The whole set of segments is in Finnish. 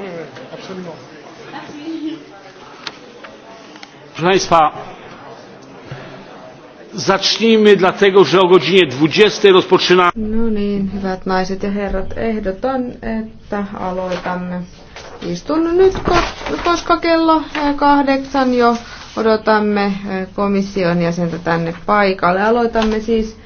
oui, oui, absolument. Merci. Proszę Państwa, zacznijmy dlatego, że o godzinie 20 rozpoczyna... No niin, hyvät naiset ja herrat, ehdotan, että aloitamme istunnon nyt, koska kello eh, kahdeksan jo odotamme eh, komission jäsentä tänne paikalle. Aloitamme siis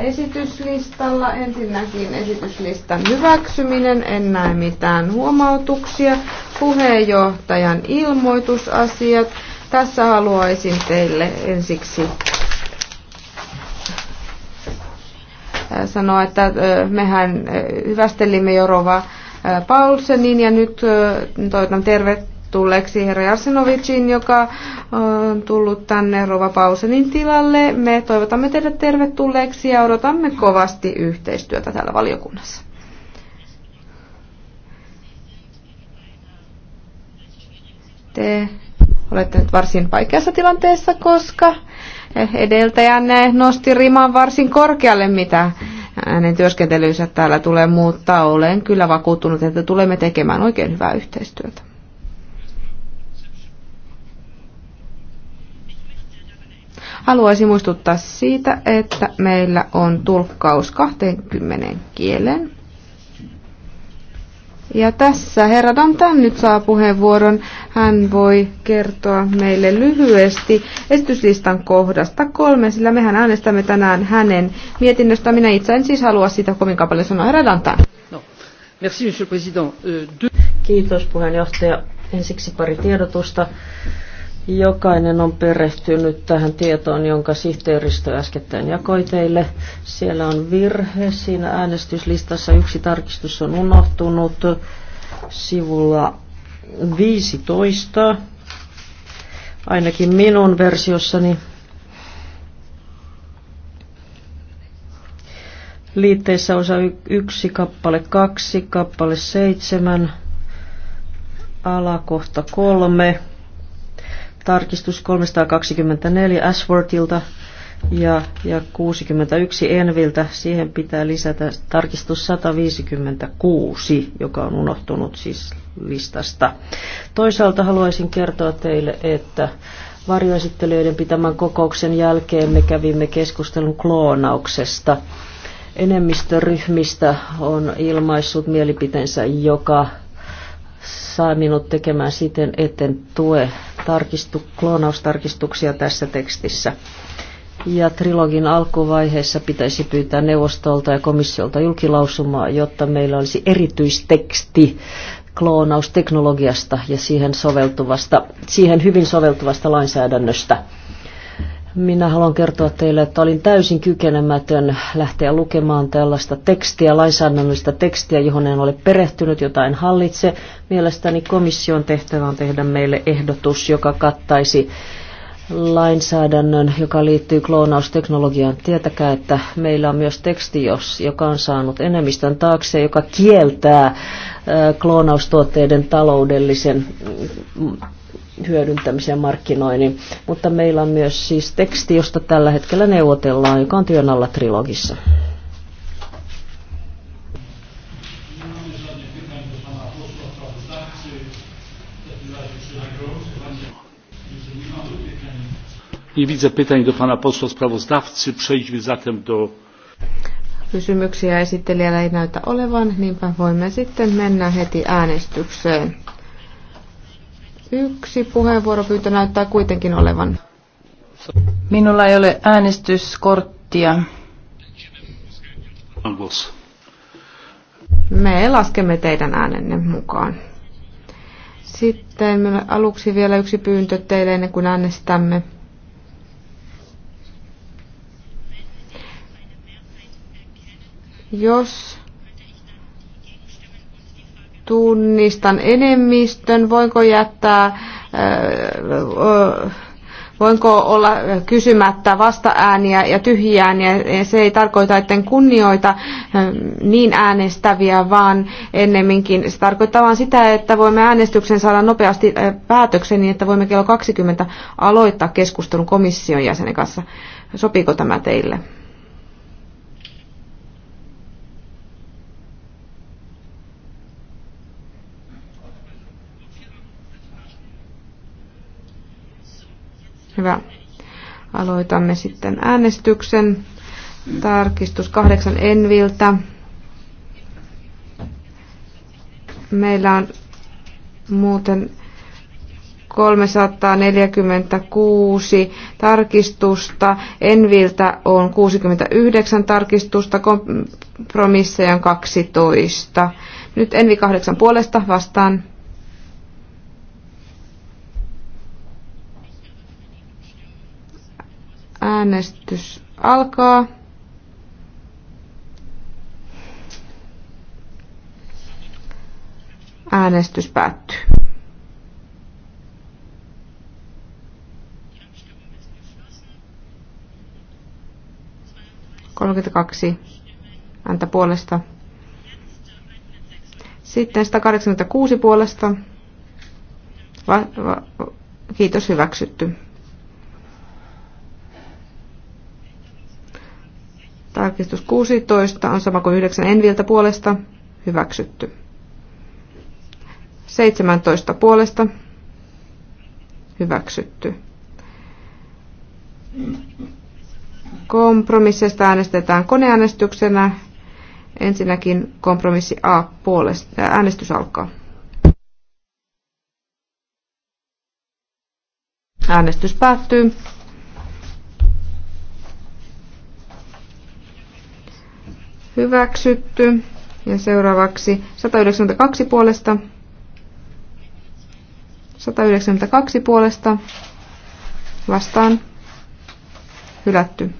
esityslistalla. Ensinnäkin esityslistan hyväksyminen. En näe mitään huomautuksia. Puheenjohtajan ilmoitusasiat. Tässä haluaisin teille ensiksi sanoa, että mehän hyvästelimme Jorova Paulsenin ja nyt toivotan tervetuloa tervetulleeksi herra Jarsenovicin, joka on tullut tänne Rova Pausenin tilalle. Me toivotamme teidät tervetulleeksi ja odotamme kovasti yhteistyötä täällä valiokunnassa. Te olette nyt varsin vaikeassa tilanteessa, koska edeltäjänne nosti riman varsin korkealle, mitä hänen työskentelynsä täällä tulee mutta Olen kyllä vakuuttunut, että tulemme tekemään oikein hyvää yhteistyötä. Haluaisin muistuttaa siitä, että meillä on tulkkaus 20 kielen. Ja tässä herra Dantan nyt saa puheenvuoron. Hän voi kertoa meille lyhyesti esityslistan kohdasta kolme, sillä mehän äänestämme tänään hänen mietinnöstä. Minä itse en siis halua sitä kovin paljon sanoa. Herra Dantan. No. Merci, monsieur le président. Euh, Kiitos puheenjohtaja. Ensiksi pari tiedotusta. Jokainen on perehtynyt tähän tietoon, jonka sihteeristö äskettäin jakoi teille. Siellä on virhe. Siinä äänestyslistassa yksi tarkistus on unohtunut sivulla 15, ainakin minun versiossani. Liitteissä osa 1, kappale 2, kappale 7, alakohta 3 tarkistus 324 Ashworthilta ja, ja 61 Enviltä. Siihen pitää lisätä tarkistus 156, joka on unohtunut siis listasta. Toisaalta haluaisin kertoa teille, että varjoesittelijöiden pitämän kokouksen jälkeen me kävimme keskustelun kloonauksesta. Enemmistöryhmistä on ilmaissut mielipiteensä, joka sai minut tekemään siten, etten tue tarkistu, kloonaustarkistuksia tässä tekstissä. Ja trilogin alkuvaiheessa pitäisi pyytää neuvostolta ja komissiolta julkilausumaa, jotta meillä olisi erityisteksti kloonausteknologiasta ja siihen, soveltuvasta, siihen hyvin soveltuvasta lainsäädännöstä. Minä haluan kertoa teille, että olin täysin kykenemätön lähteä lukemaan tällaista tekstiä, lainsäädännöllistä tekstiä, johon en ole perehtynyt, jota en hallitse. Mielestäni komission tehtävä on tehdä meille ehdotus, joka kattaisi lainsäädännön, joka liittyy kloonausteknologiaan. Tietäkää, että meillä on myös teksti, joka on saanut enemmistön taakse, joka kieltää kloonaustuotteiden taloudellisen hyödyntämisen markkinoinnin. Mutta meillä on myös siis teksti, josta tällä hetkellä neuvotellaan, joka on työn alla trilogissa. Nie widzę pytań do pana posła sprawozdawcy. Przejdźmy zatem do... Kysymyksiä esittelijällä ei näytä olevan, niinpä voimme sitten mennä heti äänestykseen. Yksi puheenvuoropyyntö näyttää kuitenkin olevan. Minulla ei ole äänestyskorttia. Me laskemme teidän äänenne mukaan. Sitten aluksi vielä yksi pyyntö teille ennen kuin äänestämme. Jos tunnistan enemmistön, voinko jättää, voinko olla kysymättä vastaääniä ja tyhjiääniä. se ei tarkoita, että en kunnioita niin äänestäviä, vaan ennemminkin se tarkoittaa vain sitä, että voimme äänestyksen saada nopeasti päätöksen niin, että voimme kello 20 aloittaa keskustelun komission jäsenen kanssa. Sopiiko tämä teille? Hyvä. Aloitamme sitten äänestyksen. Tarkistus kahdeksan Enviltä. Meillä on muuten 346 tarkistusta. Enviltä on 69 tarkistusta, kompromisseja on 12. Nyt Envi kahdeksan puolesta vastaan Äänestys alkaa. Äänestys päättyy. Kolmekymmentäkaksi ääntä puolesta. Sitten 186 puolesta. Va- va- kiitos hyväksytty. Tarkistus 16 on sama kuin 9 enviltä puolesta. Hyväksytty. 17 puolesta. Hyväksytty. Kompromissista äänestetään koneäänestyksenä. Ensinnäkin kompromissi A puolesta. Äänestys alkaa. Äänestys päättyy. hyväksytty. Ja seuraavaksi 192 puolesta. 192 puolesta vastaan hylätty.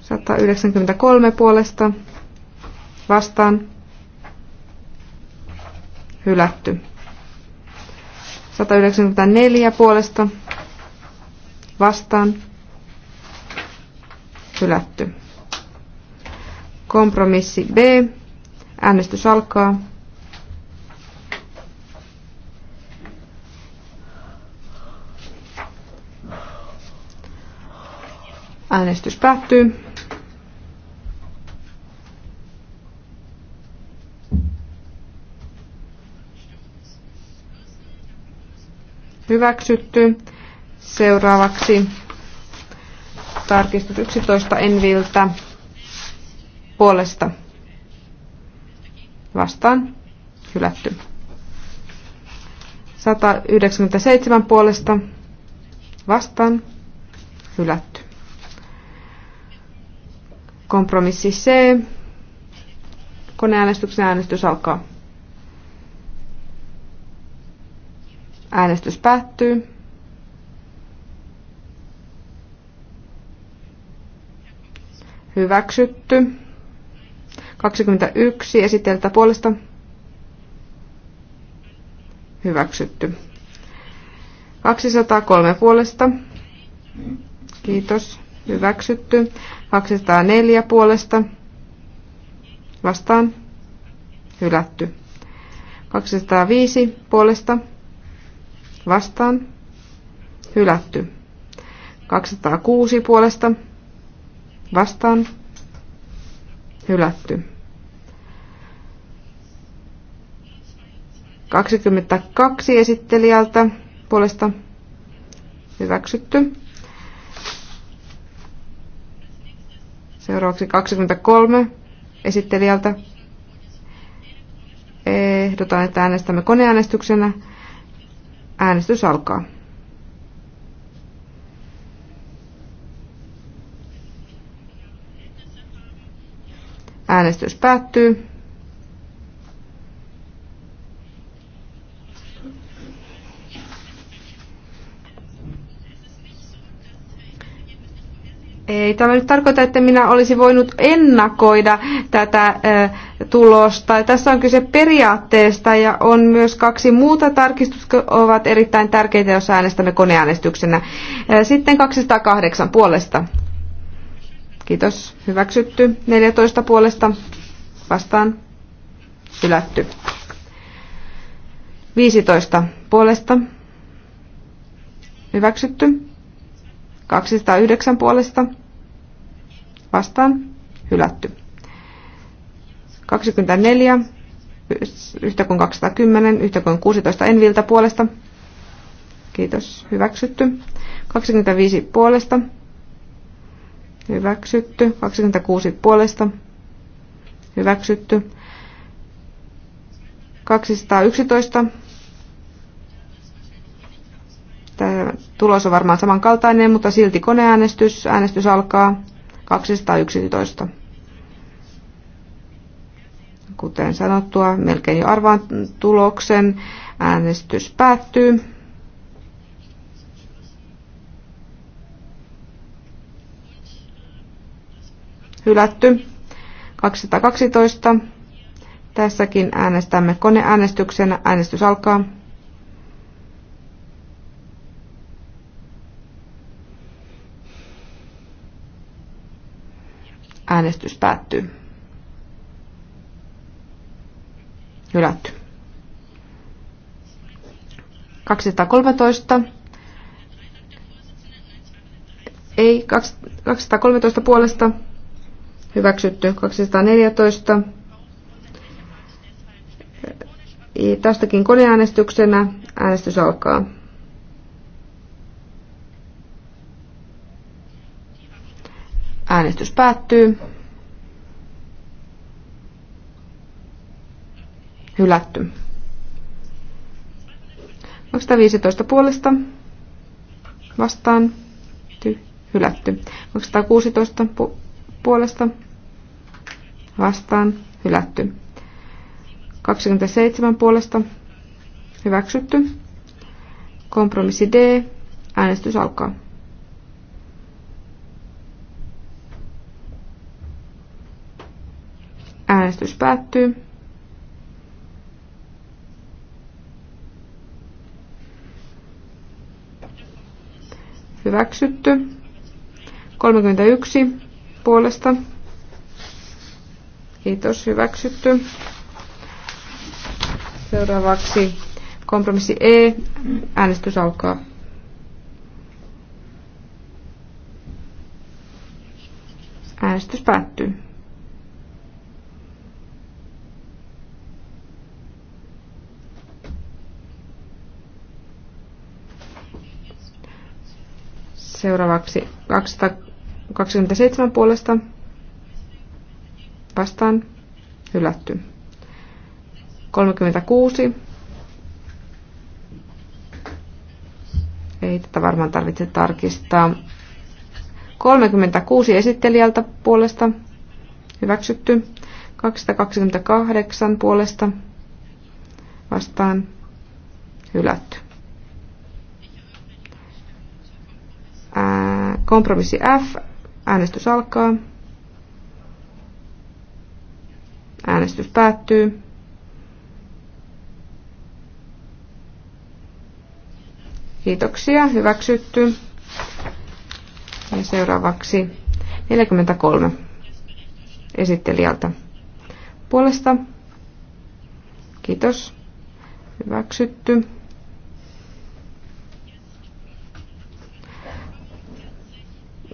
193 puolesta vastaan hylätty. 194 puolesta vastaan hylätty. Kompromissi B. Äänestys alkaa. Äänestys päättyy. Hyväksytty. Seuraavaksi tarkistus 11 Enviltä puolesta vastaan hylätty. 197 puolesta vastaan hylätty. Kompromissi C. Koneäänestyksen äänestys alkaa. Äänestys päättyy. Hyväksytty. 21 esiteltä puolesta hyväksytty. 203 puolesta. Kiitos. Hyväksytty. 204 puolesta. Vastaan. Hylätty. 205 puolesta. Vastaan. Hylätty. 206 puolesta. Vastaan hylätty. 22 esittelijältä puolesta hyväksytty. Seuraavaksi 23 esittelijältä. Ehdotan, että äänestämme koneäänestyksenä. Äänestys alkaa. Äänestys päättyy. Ei tämä nyt tarkoita, että minä olisin voinut ennakoida tätä tulosta. Tässä on kyse periaatteesta ja on myös kaksi muuta tarkistusta, jotka ovat erittäin tärkeitä, jos äänestämme koneäänestyksenä. Sitten 208 puolesta. Kiitos. Hyväksytty. 14 puolesta vastaan. Hylätty. 15 puolesta. Hyväksytty. 209 puolesta. Vastaan. Hylätty. 24. Yhtä kuin 210. Yhtä kuin 16 Enviltä puolesta. Kiitos. Hyväksytty. 25 puolesta Hyväksytty. 26 puolesta. Hyväksytty. 211. Tämä tulos on varmaan samankaltainen, mutta silti koneäänestys. Äänestys alkaa 211. Kuten sanottua, melkein jo arvaan tuloksen. Äänestys päättyy. hylätty. 212. Tässäkin äänestämme koneäänestyksenä. Äänestys alkaa. Äänestys päättyy. Hylätty. 213. Ei, 213 puolesta hyväksytty 214. Tästäkin koneäänestyksenä äänestys alkaa. Äänestys päättyy. Hylätty. 215 puolesta vastaan ty, hylätty. 216 pu- puolesta vastaan hylätty. 27 puolesta hyväksytty. Kompromissi D. Äänestys alkaa. Äänestys päättyy. Hyväksytty. 31 puolesta. Kiitos, hyväksytty. Seuraavaksi kompromissi E. Äänestys alkaa. Äänestys päättyy. Seuraavaksi 200 27 puolesta vastaan hylätty. 36. Ei tätä varmaan tarvitse tarkistaa. 36 esittelijältä puolesta hyväksytty. 228 puolesta vastaan hylätty. Ää, kompromissi F Äänestys alkaa. Äänestys päättyy. Kiitoksia, hyväksytty. Ja seuraavaksi 43 esittelijältä puolesta. Kiitos, hyväksytty.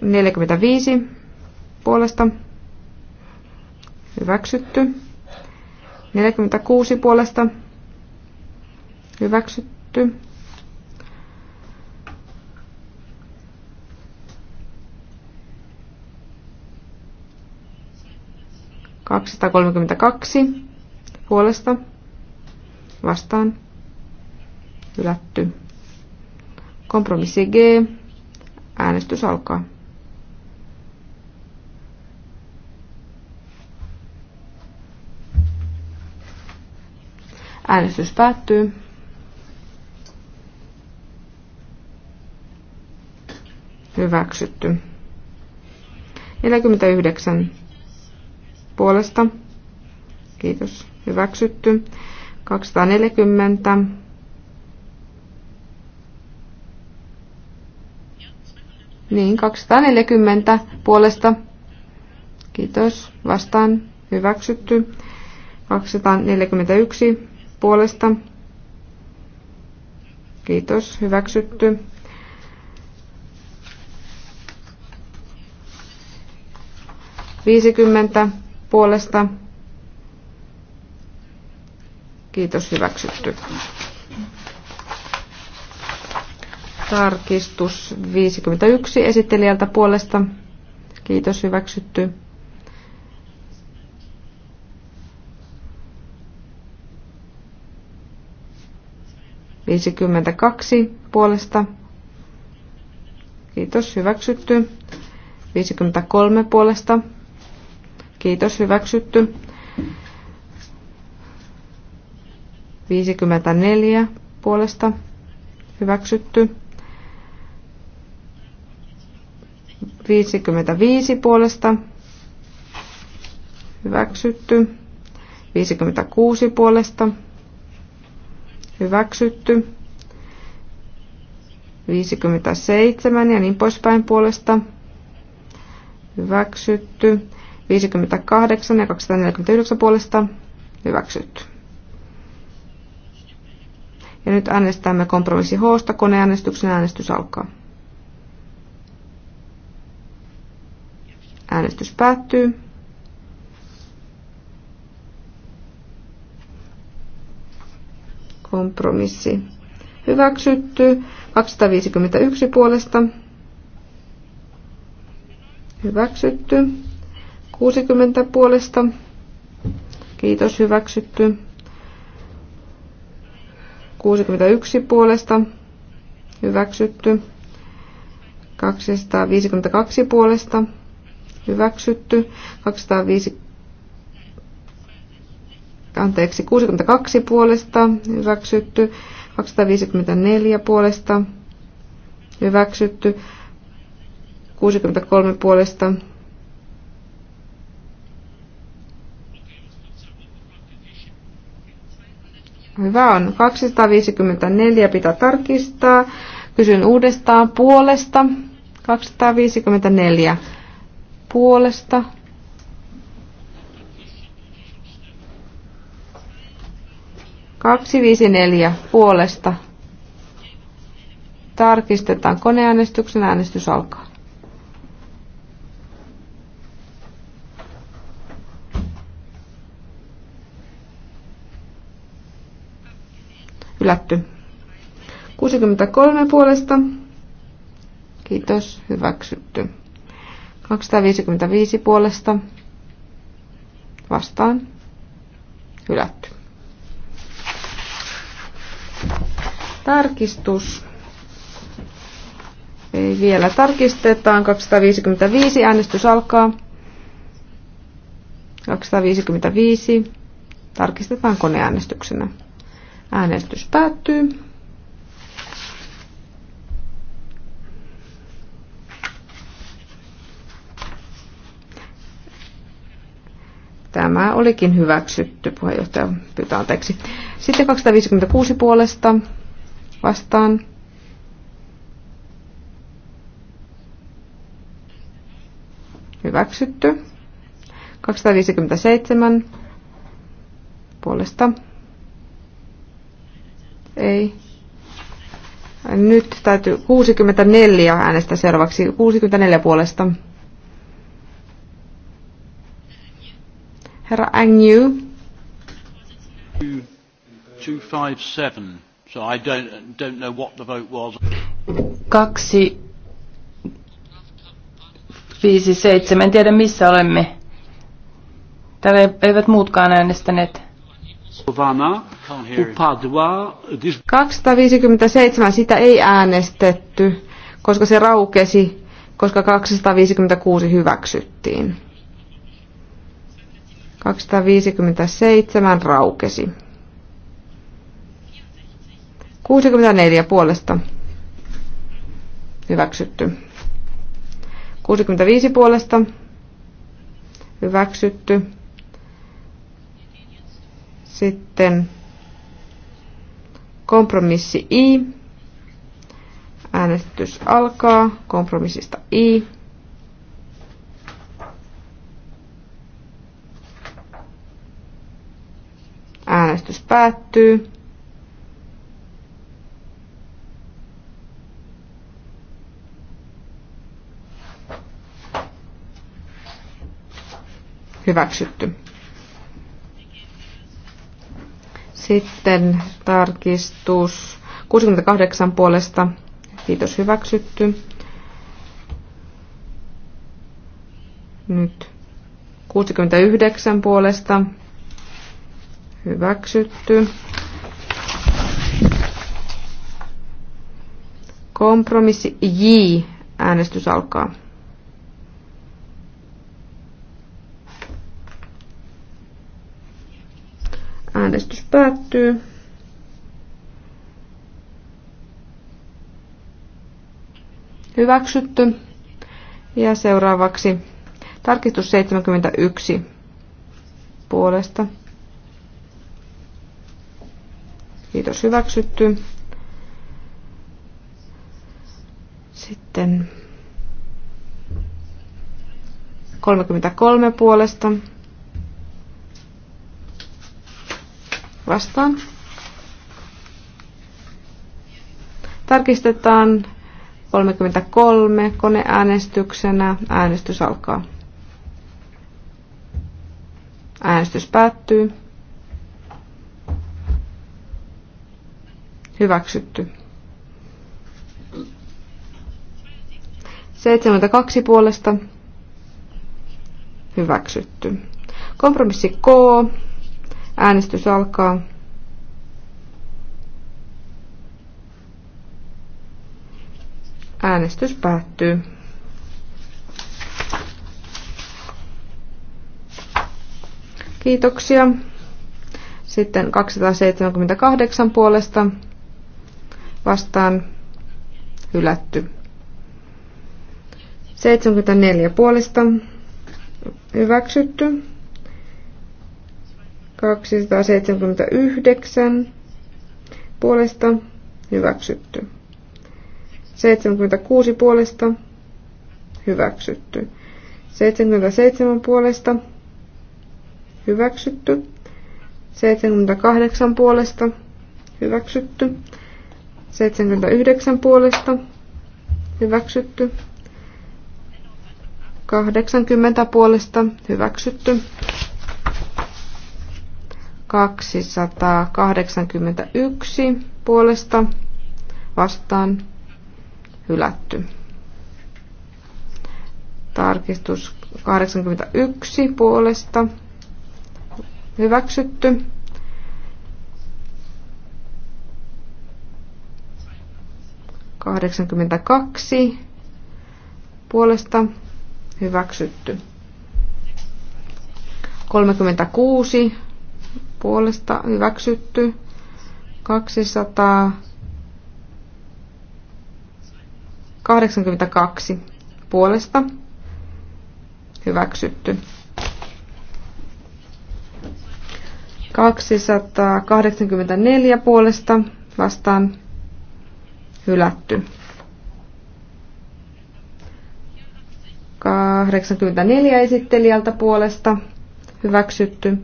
45 puolesta hyväksytty. 46 puolesta hyväksytty. 232 puolesta vastaan hylätty. Kompromissi G. Äänestys alkaa. Äänestys päättyy. Hyväksytty. 49 puolesta. Kiitos. Hyväksytty. 240. Niin, 240 puolesta. Kiitos. Vastaan. Hyväksytty. 241 puolesta. Kiitos, hyväksytty. Viisikymmentä puolesta. Kiitos, hyväksytty. Tarkistus 51 esittelijältä puolesta. Kiitos, hyväksytty. 52 puolesta. Kiitos, hyväksytty. 53 puolesta. Kiitos, hyväksytty. 54 puolesta. Hyväksytty. 55 puolesta. Hyväksytty. 56 puolesta hyväksytty. 57 ja niin poispäin puolesta hyväksytty. 58 ja 249 puolesta hyväksytty. Ja nyt äänestämme kompromissi h Koneäänestyksen äänestys alkaa. Äänestys päättyy. kompromissi hyväksytty. 251 puolesta hyväksytty. 60 puolesta kiitos hyväksytty. 61 puolesta hyväksytty. 252 puolesta hyväksytty. 250 anteeksi, 62 puolesta hyväksytty, 254 puolesta hyväksytty, 63 puolesta Hyvä on. 254 pitää tarkistaa. Kysyn uudestaan puolesta. 254 puolesta. 254 puolesta. Tarkistetaan koneäänestyksen. Äänestys alkaa. Ylätty. 63 puolesta. Kiitos. Hyväksytty. 255 puolesta. Vastaan. Hylätty. Tarkistus. Ei vielä tarkistetaan. 255 äänestys alkaa. 255. Tarkistetaan koneäänestyksenä. Äänestys päättyy. Tämä olikin hyväksytty, puheenjohtaja pyytää anteeksi. Sitten 256 puolesta vastaan. Hyväksytty. 257 puolesta. Ei. Nyt täytyy 64 äänestä seuraavaksi. 64 puolesta. Herra Angyu. Kyllä. 257. So I don't, don't know what the vote was. Kaksi, En tiedä missä olemme. Täällä eivät muutkaan äänestäneet. 257 sitä ei äänestetty, koska se raukesi, koska 256 hyväksyttiin. 257 raukesi. 64 puolesta hyväksytty. 65 puolesta hyväksytty. Sitten kompromissi I. Äänestys alkaa kompromissista I. Äänestys päättyy. hyväksytty. Sitten tarkistus 68 puolesta. Kiitos, hyväksytty. Nyt 69 puolesta. Hyväksytty. Kompromissi J. Äänestys alkaa. päättyy. Hyväksytty. Ja seuraavaksi tarkistus 71 puolesta. Kiitos, hyväksytty. Sitten 33 puolesta vastaan. Tarkistetaan 33 koneäänestyksenä. Äänestys alkaa. Äänestys päättyy. Hyväksytty. 72 puolesta. Hyväksytty. Kompromissi K Äänestys alkaa. Äänestys päättyy. Kiitoksia. Sitten 278 puolesta vastaan hylätty. 74 puolesta hyväksytty. 279 puolesta hyväksytty. 76 puolesta hyväksytty. 77 puolesta hyväksytty. 78 puolesta hyväksytty. 79 puolesta hyväksytty. 80 puolesta hyväksytty. 281 puolesta vastaan hylätty. Tarkistus 81 puolesta hyväksytty. kaksi puolesta hyväksytty. 36 puolesta hyväksytty. 282 puolesta hyväksytty. 284 puolesta vastaan hylätty. 84 esittelijältä puolesta hyväksytty.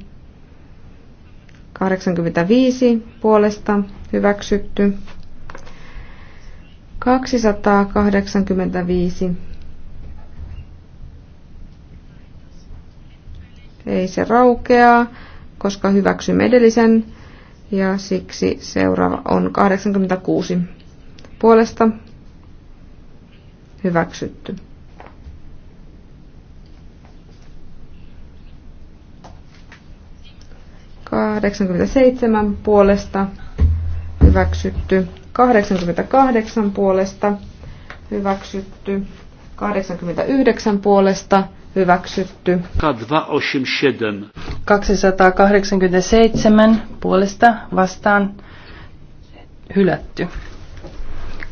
85 puolesta hyväksytty. 285. Ei se raukeaa, koska hyväksymme edellisen ja siksi seuraava on 86 puolesta hyväksytty. 87 puolesta hyväksytty, 88 puolesta hyväksytty, 89 puolesta hyväksytty. 287. 287 puolesta vastaan hylätty.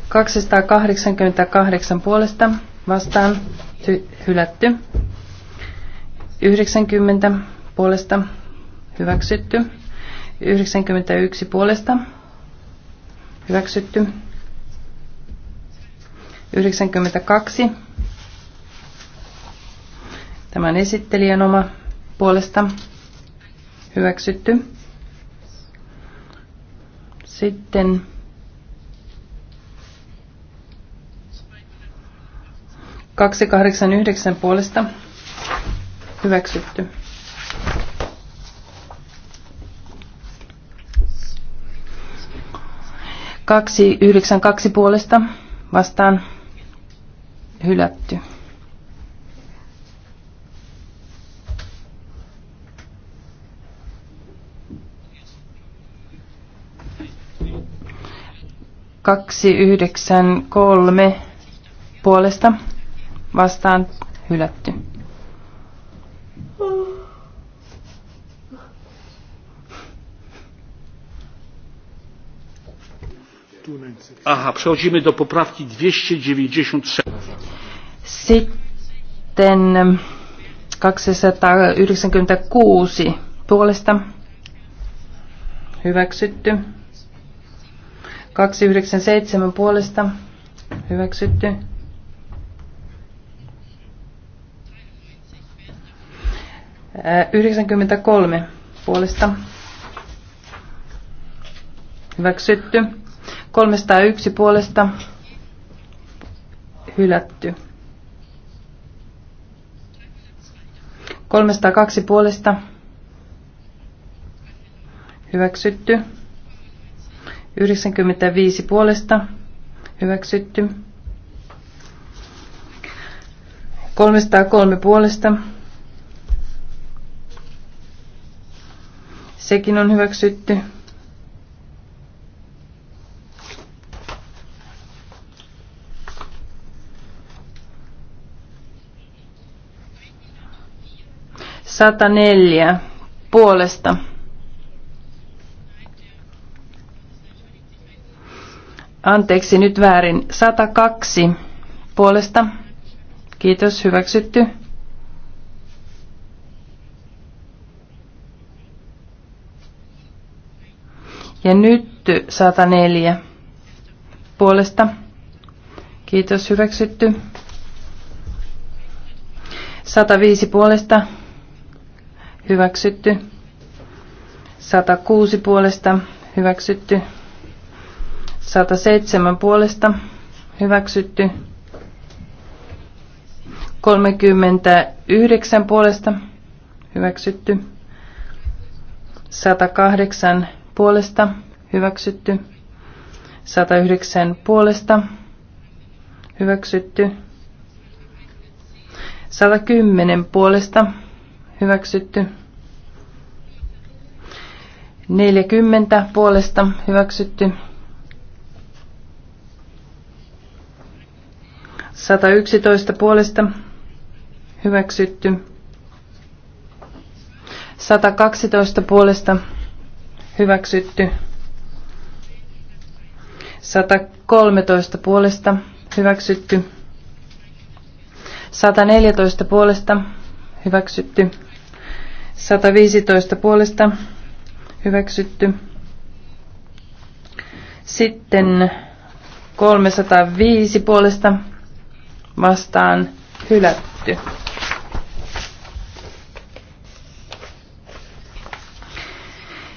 288 puolesta vastaan hylätty. 90 puolesta hyväksytty. 91 puolesta, hyväksytty. 92, tämän esittelijän oma puolesta, hyväksytty. Sitten kaksi kahdeksan yhdeksän puolesta hyväksytty. 292 puolesta vastaan hylätty. Kaksi yhdeksän kolme puolesta vastaan hylätty. Aha, przechodzimy do poprawki 293. Sitten 296 puolesta hyväksytty. 297 puolesta hyväksytty. 93 puolesta hyväksytty. 301 puolesta hylätty. 302 puolesta hyväksytty. 95 puolesta hyväksytty. 303 puolesta. Sekin on hyväksytty. 104 puolesta. Anteeksi, nyt väärin. 102 puolesta. Kiitos, hyväksytty. Ja nyt 104 puolesta. Kiitos, hyväksytty. 105 puolesta hyväksytty. 106 puolesta hyväksytty. 107 puolesta hyväksytty. 39 puolesta hyväksytty. 108 puolesta hyväksytty. 109 puolesta hyväksytty. 110 puolesta hyväksytty. 40 puolesta hyväksytty. 111 puolesta hyväksytty. 112 puolesta hyväksytty. 113 puolesta hyväksytty. 114 puolesta hyväksytty. 115 puolesta hyväksytty. Sitten 305 puolesta vastaan hylätty.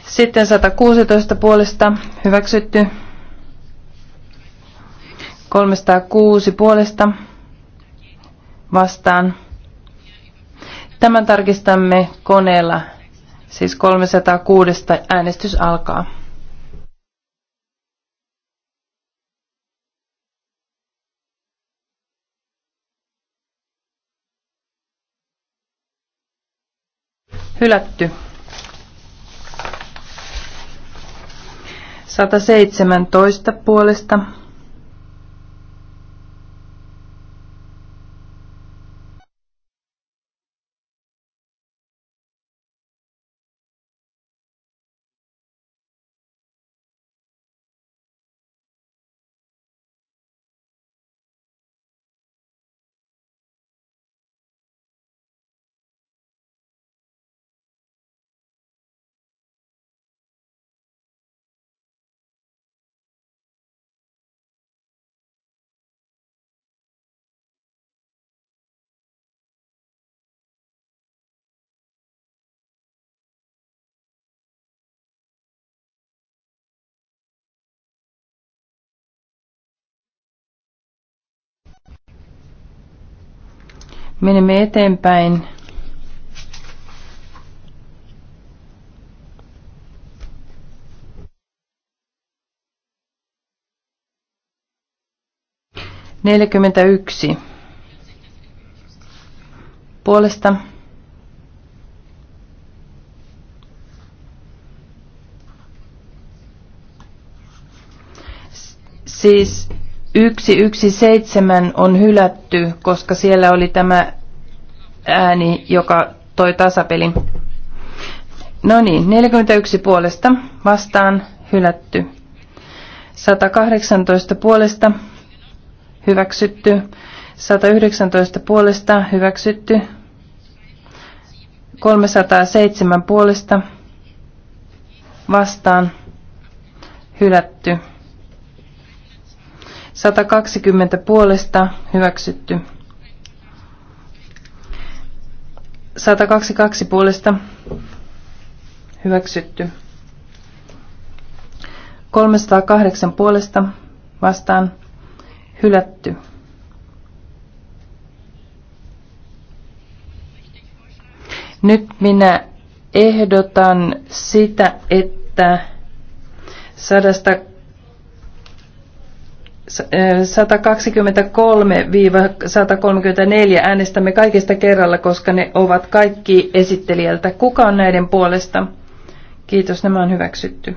Sitten 116 puolesta hyväksytty. 306 puolesta vastaan Tämän tarkistamme koneella, siis 306 äänestys alkaa. Hylätty. 117 puolesta Menemme eteenpäin. yksi. Puolesta. Siis 117 on hylätty, koska siellä oli tämä ääni, joka toi tasapelin. No niin, 41 puolesta vastaan hylätty. 118 puolesta hyväksytty. 119 puolesta hyväksytty. 307 puolesta vastaan hylätty. 120 puolesta hyväksytty. 122 puolesta hyväksytty. 308 puolesta vastaan hylätty. Nyt minä ehdotan sitä, että 100 123-134 eh, äänestämme kaikista kerralla, koska ne ovat kaikki esittelijältä. Kuka on näiden puolesta? Kiitos, nämä on hyväksytty.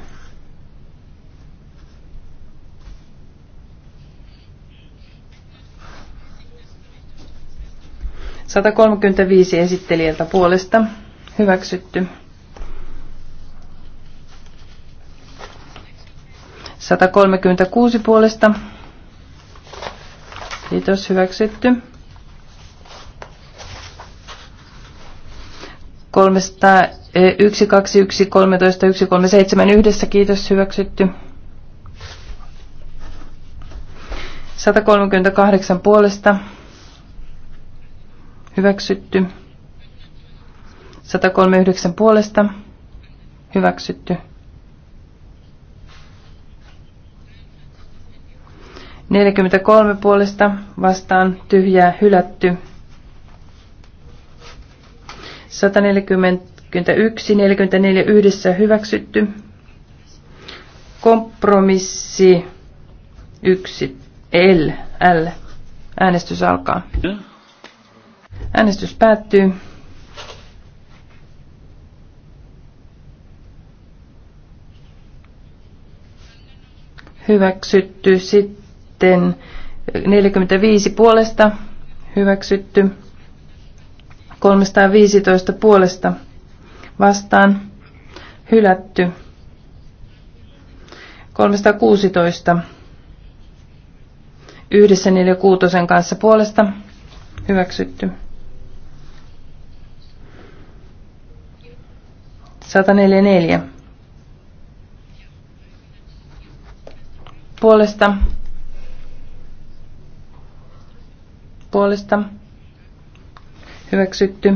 Sata kolmekymmentäviisi esittelijältä puolesta hyväksytty. 136 puolesta Kiitos, hyväksytty. 301, 21, 13, 137 yhdessä. Kiitos, hyväksytty. 138 puolesta. Hyväksytty. 139 puolesta. Hyväksytty. 43 puolesta vastaan tyhjää hylätty. 141, 44 yhdessä hyväksytty. Kompromissi 1 L, L. Äänestys alkaa. Äänestys päättyy. Hyväksytty sitten sitten 45 puolesta hyväksytty. 315 puolesta vastaan hylätty. 316 yhdessä 46 kanssa puolesta hyväksytty. 144 puolesta puolesta hyväksytty.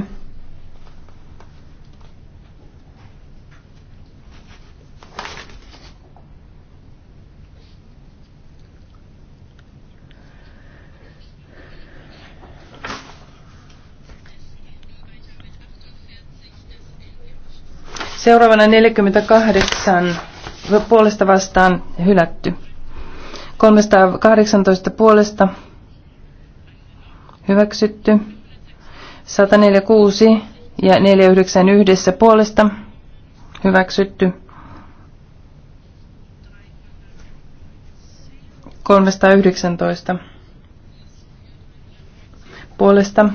Seuraavana 48 puolesta vastaan hylätty. 318 puolesta hyväksytty. 146 ja 49 yhdessä puolesta hyväksytty. 319 puolesta.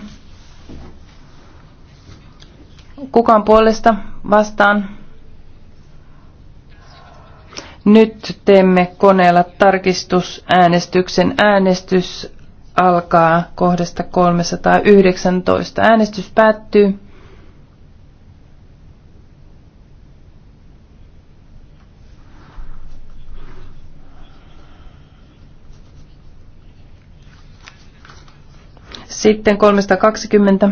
Kukaan puolesta vastaan? Nyt teemme koneella tarkistusäänestyksen. Äänestys alkaa kohdasta 319. Äänestys päättyy. Sitten 320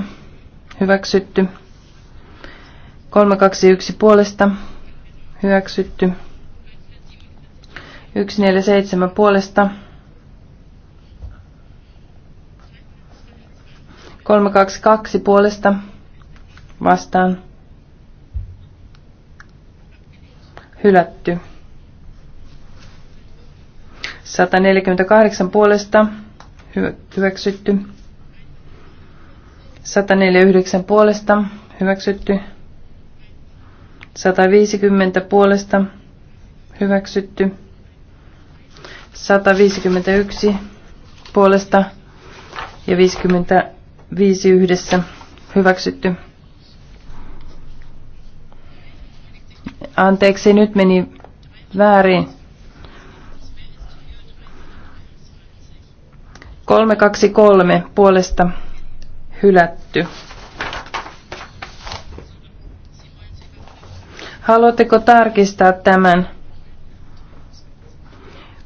hyväksytty. 321 puolesta hyväksytty. 147 puolesta 322 puolesta vastaan hylätty. 148 puolesta hyväksytty. 149 puolesta hyväksytty. 150 puolesta hyväksytty. 151 puolesta ja 50 viisi yhdessä hyväksytty. Anteeksi, nyt meni väärin. 323 puolesta hylätty. Haluatteko tarkistaa tämän?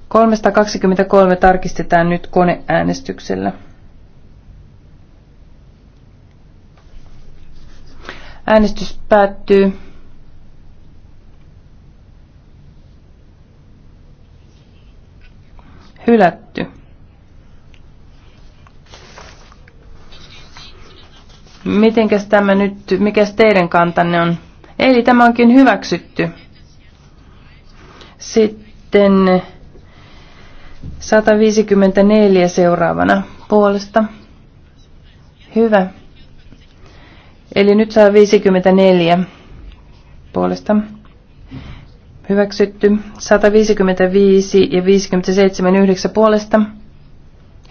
323 tarkistetaan nyt koneäänestyksellä. Äänestys päättyy. Hylätty. Mitenkäs tämä nyt, mikäs teidän kantanne on? Eli tämä onkin hyväksytty. Sitten 154 seuraavana puolesta. Hyvä. Eli nyt saa 54 puolesta hyväksytty. 155 ja 57 9 puolesta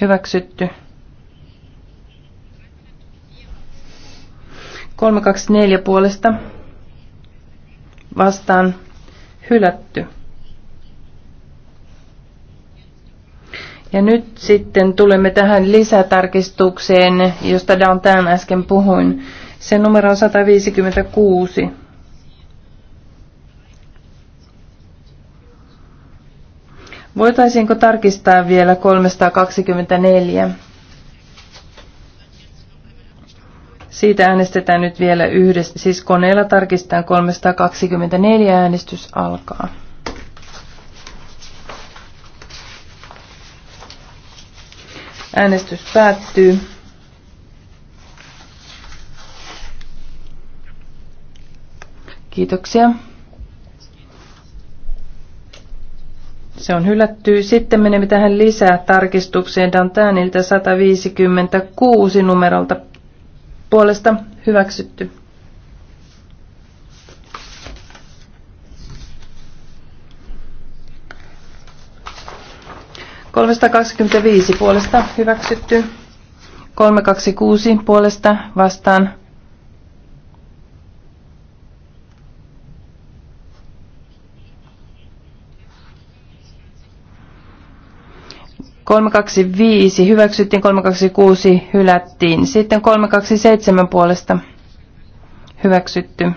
hyväksytty. 324 puolesta vastaan hylätty. Ja nyt sitten tulemme tähän lisätarkistukseen, josta Dantan äsken puhuin. Sen numero on 156. Voitaisiinko tarkistaa vielä 324? Siitä äänestetään nyt vielä yhdessä, siis koneella tarkistetaan 324 äänestys alkaa. Äänestys päättyy. Kiitoksia. Se on hylätty. Sitten menemme tähän lisää tarkistukseen Dantanilta 156 numerolta puolesta hyväksytty. Kolmesta puolesta hyväksytty. 326 puolesta vastaan 325 hyväksyttiin, 326 hylättiin. Sitten 327 puolesta hyväksytty.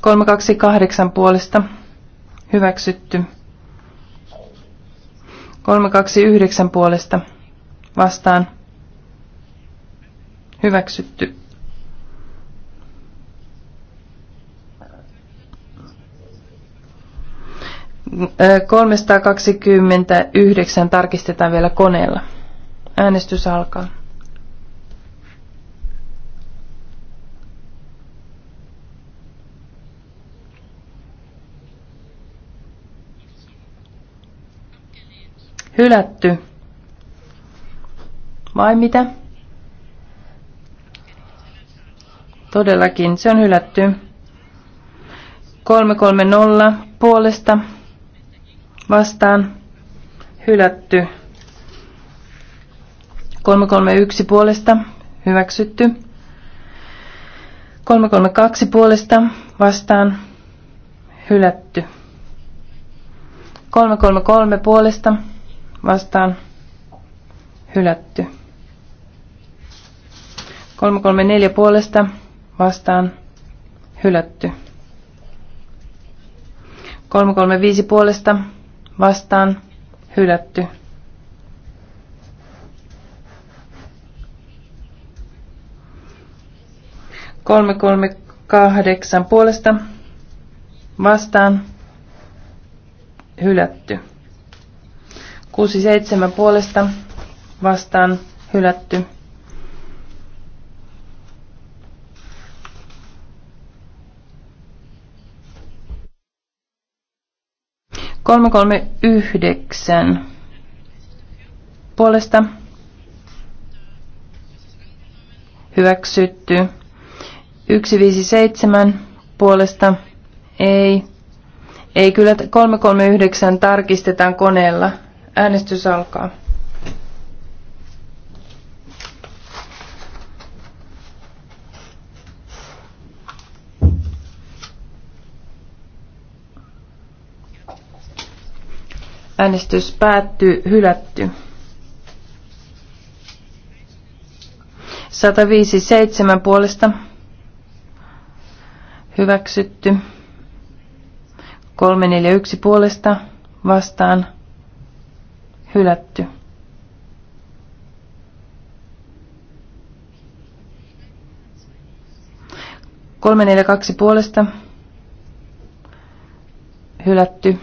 328 puolesta hyväksytty. 329 puolesta vastaan hyväksytty. 329 tarkistetaan vielä koneella. Äänestys alkaa. Hylätty. Vai mitä? Todellakin, se on hylätty. 330 puolesta vastaan hylätty. 331 puolesta hyväksytty. 332 puolesta vastaan hylätty. 333 puolesta vastaan hylätty. 334 puolesta vastaan hylätty. 335 puolesta vastaan hylätty. Kolme kolme kahdeksan puolesta vastaan hylätty. Kuusi seitsemän puolesta vastaan hylätty. 339 puolesta hyväksytty. 157 puolesta ei. Ei kyllä 339 tarkistetaan koneella. Äänestys alkaa. Äänestys päättyy, hylätty. 157 puolesta hyväksytty. 341 puolesta vastaan hylätty. Kolme, neljä, kaksi puolesta. Hylätty.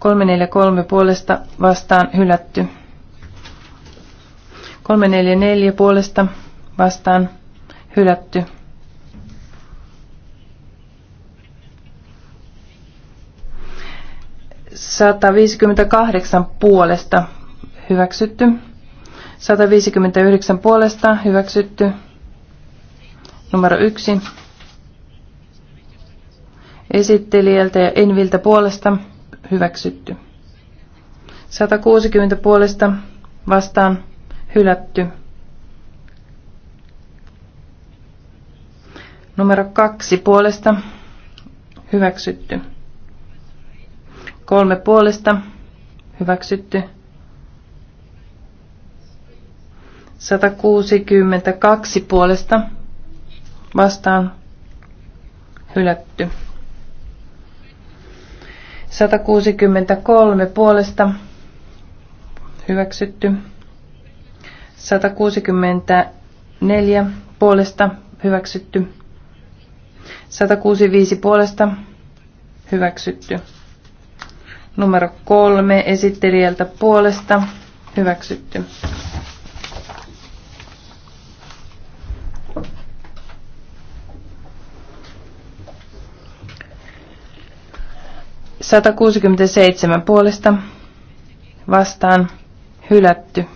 343 puolesta vastaan hylätty. 344 puolesta vastaan hylätty. Sata viisikymmentäkahdeksan puolesta hyväksytty. 159 puolesta hyväksytty. Numero yksi. Esittelijältä ja Enviltä puolesta hyväksytty. 160 puolesta vastaan hylätty. Numero kaksi puolesta hyväksytty. Kolme puolesta hyväksytty. 162 puolesta vastaan hylätty. 163 puolesta hyväksytty. 164 puolesta hyväksytty. 165 puolesta hyväksytty. Numero kolme esittelijältä puolesta hyväksytty. 167 puolesta vastaan hylätty.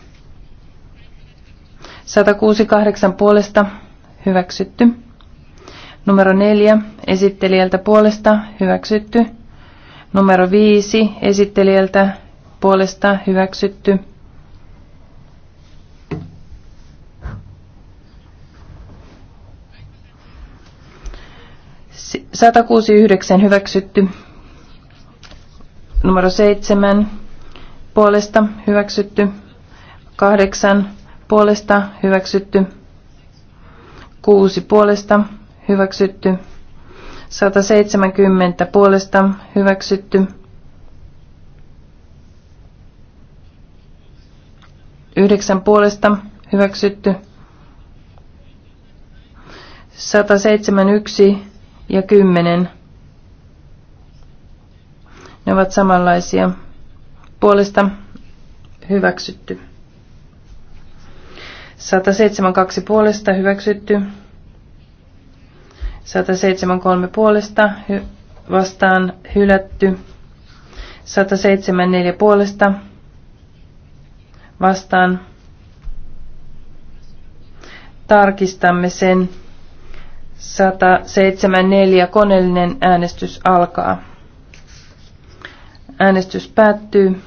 168 puolesta hyväksytty. Numero 4 esittelijältä puolesta hyväksytty. Numero 5 esittelijältä puolesta hyväksytty. S- 169 hyväksytty. Numero seitsemän puolesta hyväksytty. Kahdeksan puolesta hyväksytty. Kuusi puolesta hyväksytty. 170 puolesta hyväksytty. 9 puolesta hyväksytty. 171 ja 10 ne ovat samanlaisia. Puolesta hyväksytty. 172 puolesta hyväksytty. 173 puolesta hy- vastaan hylätty. 174 puolesta vastaan. Tarkistamme sen. 174 koneellinen äänestys alkaa. Äänestys päättyy.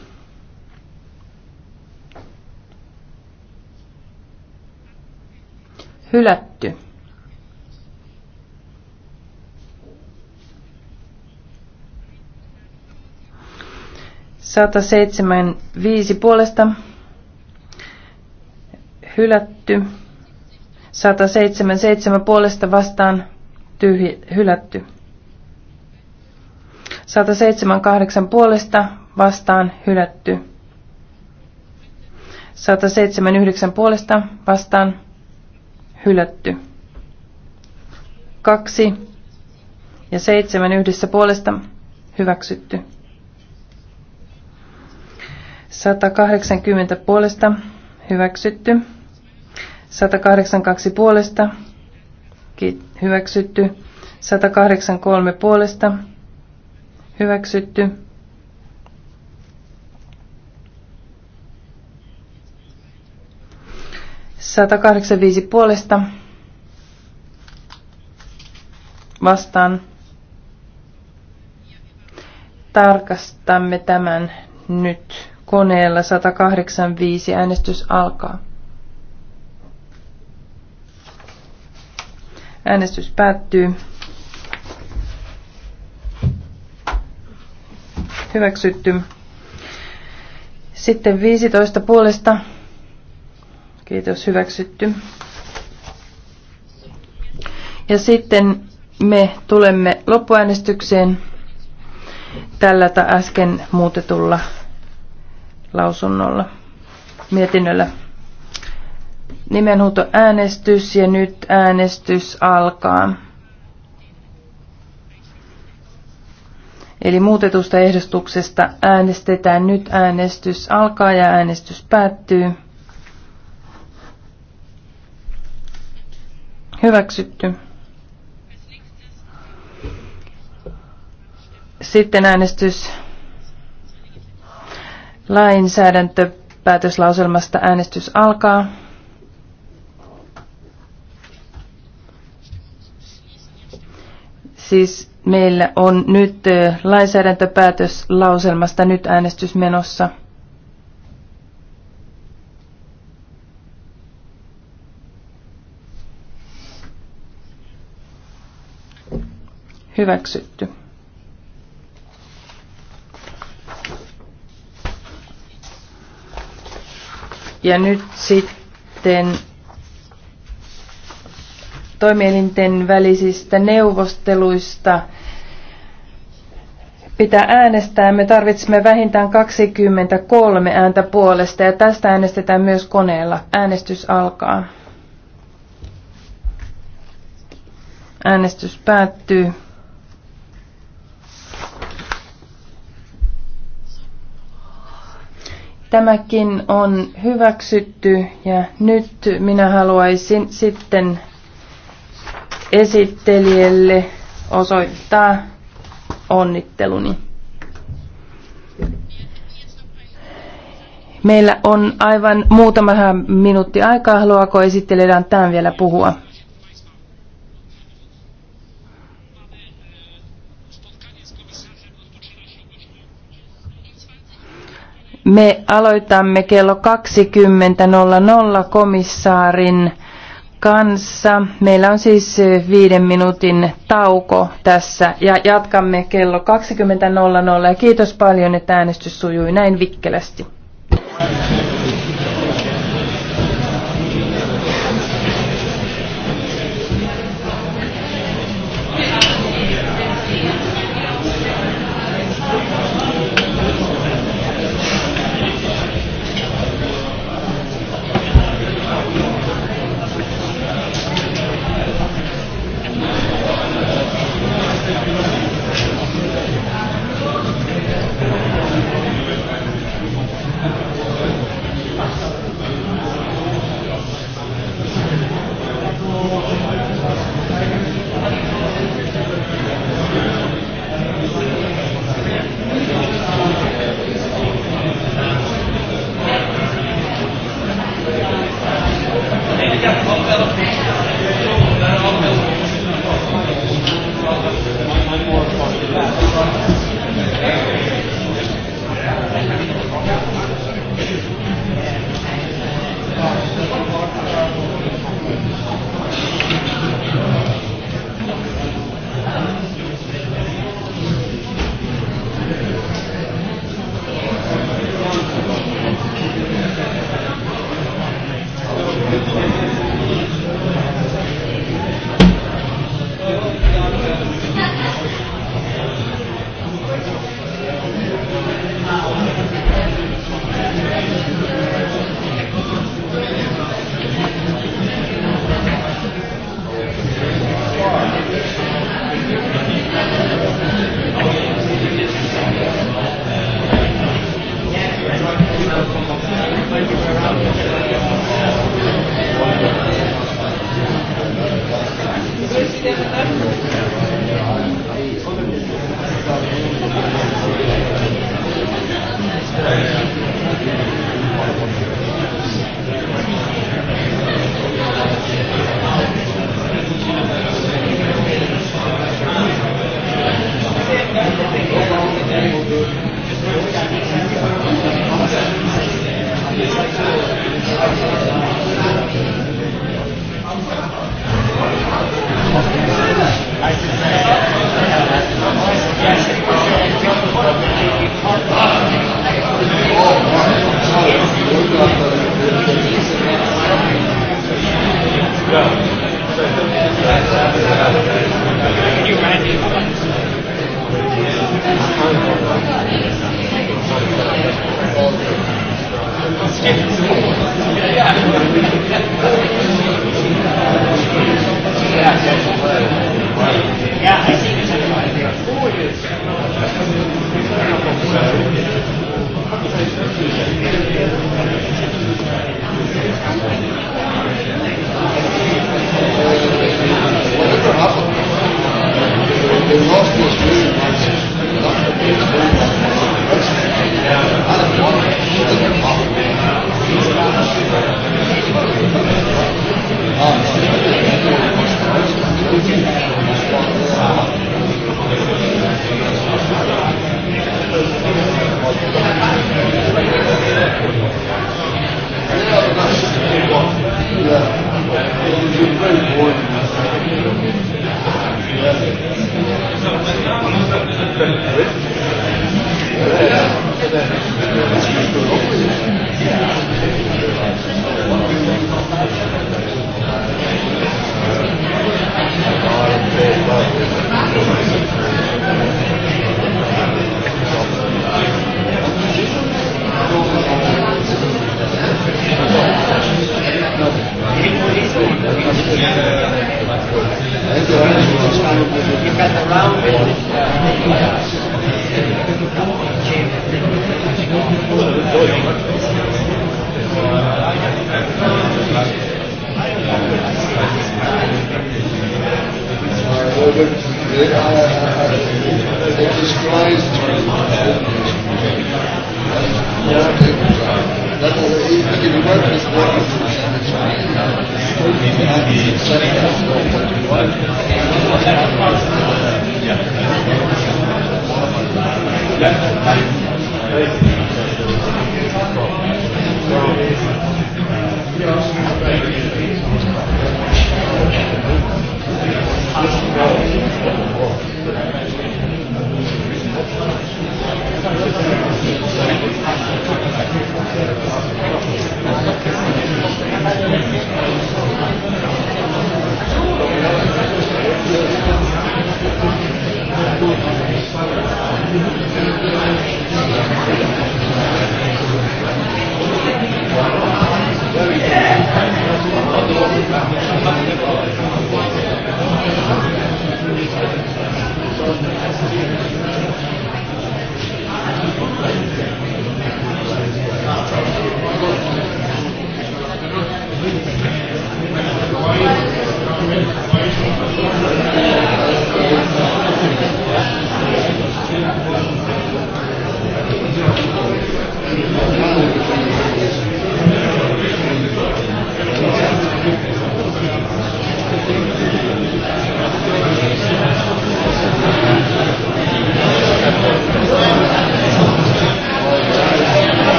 Hylätty. Sata seitsemän viisi puolesta. Hylätty. 177 puolesta vastaan tyhj- hylätty. 178 puolesta vastaan hylätty. 179 puolesta vastaan hylätty. 2 ja 7 yhdessä puolesta hyväksytty. 180 puolesta hyväksytty. 182 puolesta hyväksytty. 183 puolesta Hyväksytty. viisi puolesta. Vastaan. Tarkastamme tämän nyt koneella. 185 äänestys alkaa. Äänestys päättyy. hyväksytty. Sitten 15 puolesta. Kiitos, hyväksytty. Ja sitten me tulemme loppuäänestykseen tällä äsken muutetulla lausunnolla, mietinnöllä. Nimenhuuto äänestys ja nyt äänestys alkaa. Eli muutetusta ehdotuksesta äänestetään nyt. Äänestys alkaa ja äänestys päättyy. Hyväksytty. Sitten äänestys lainsäädäntöpäätöslauselmasta. Äänestys alkaa. Siis Meillä on nyt lainsäädäntöpäätös lauselmasta nyt äänestysmenossa. Hyväksytty. Ja nyt sitten toimielinten välisistä neuvosteluista pitää äänestää. Me tarvitsemme vähintään 23 ääntä puolesta ja tästä äänestetään myös koneella. Äänestys alkaa. Äänestys päättyy. Tämäkin on hyväksytty ja nyt minä haluaisin sitten esittelijälle osoittaa onnitteluni. Meillä on aivan muutama minuutti aikaa. Haluaako esittelijä tämän vielä puhua? Me aloitamme kello 20.00 komissaarin kanssa. Meillä on siis eh, viiden minuutin tauko tässä ja jatkamme kello 20.00 ja kiitos paljon, että äänestys sujui näin vikkelästi.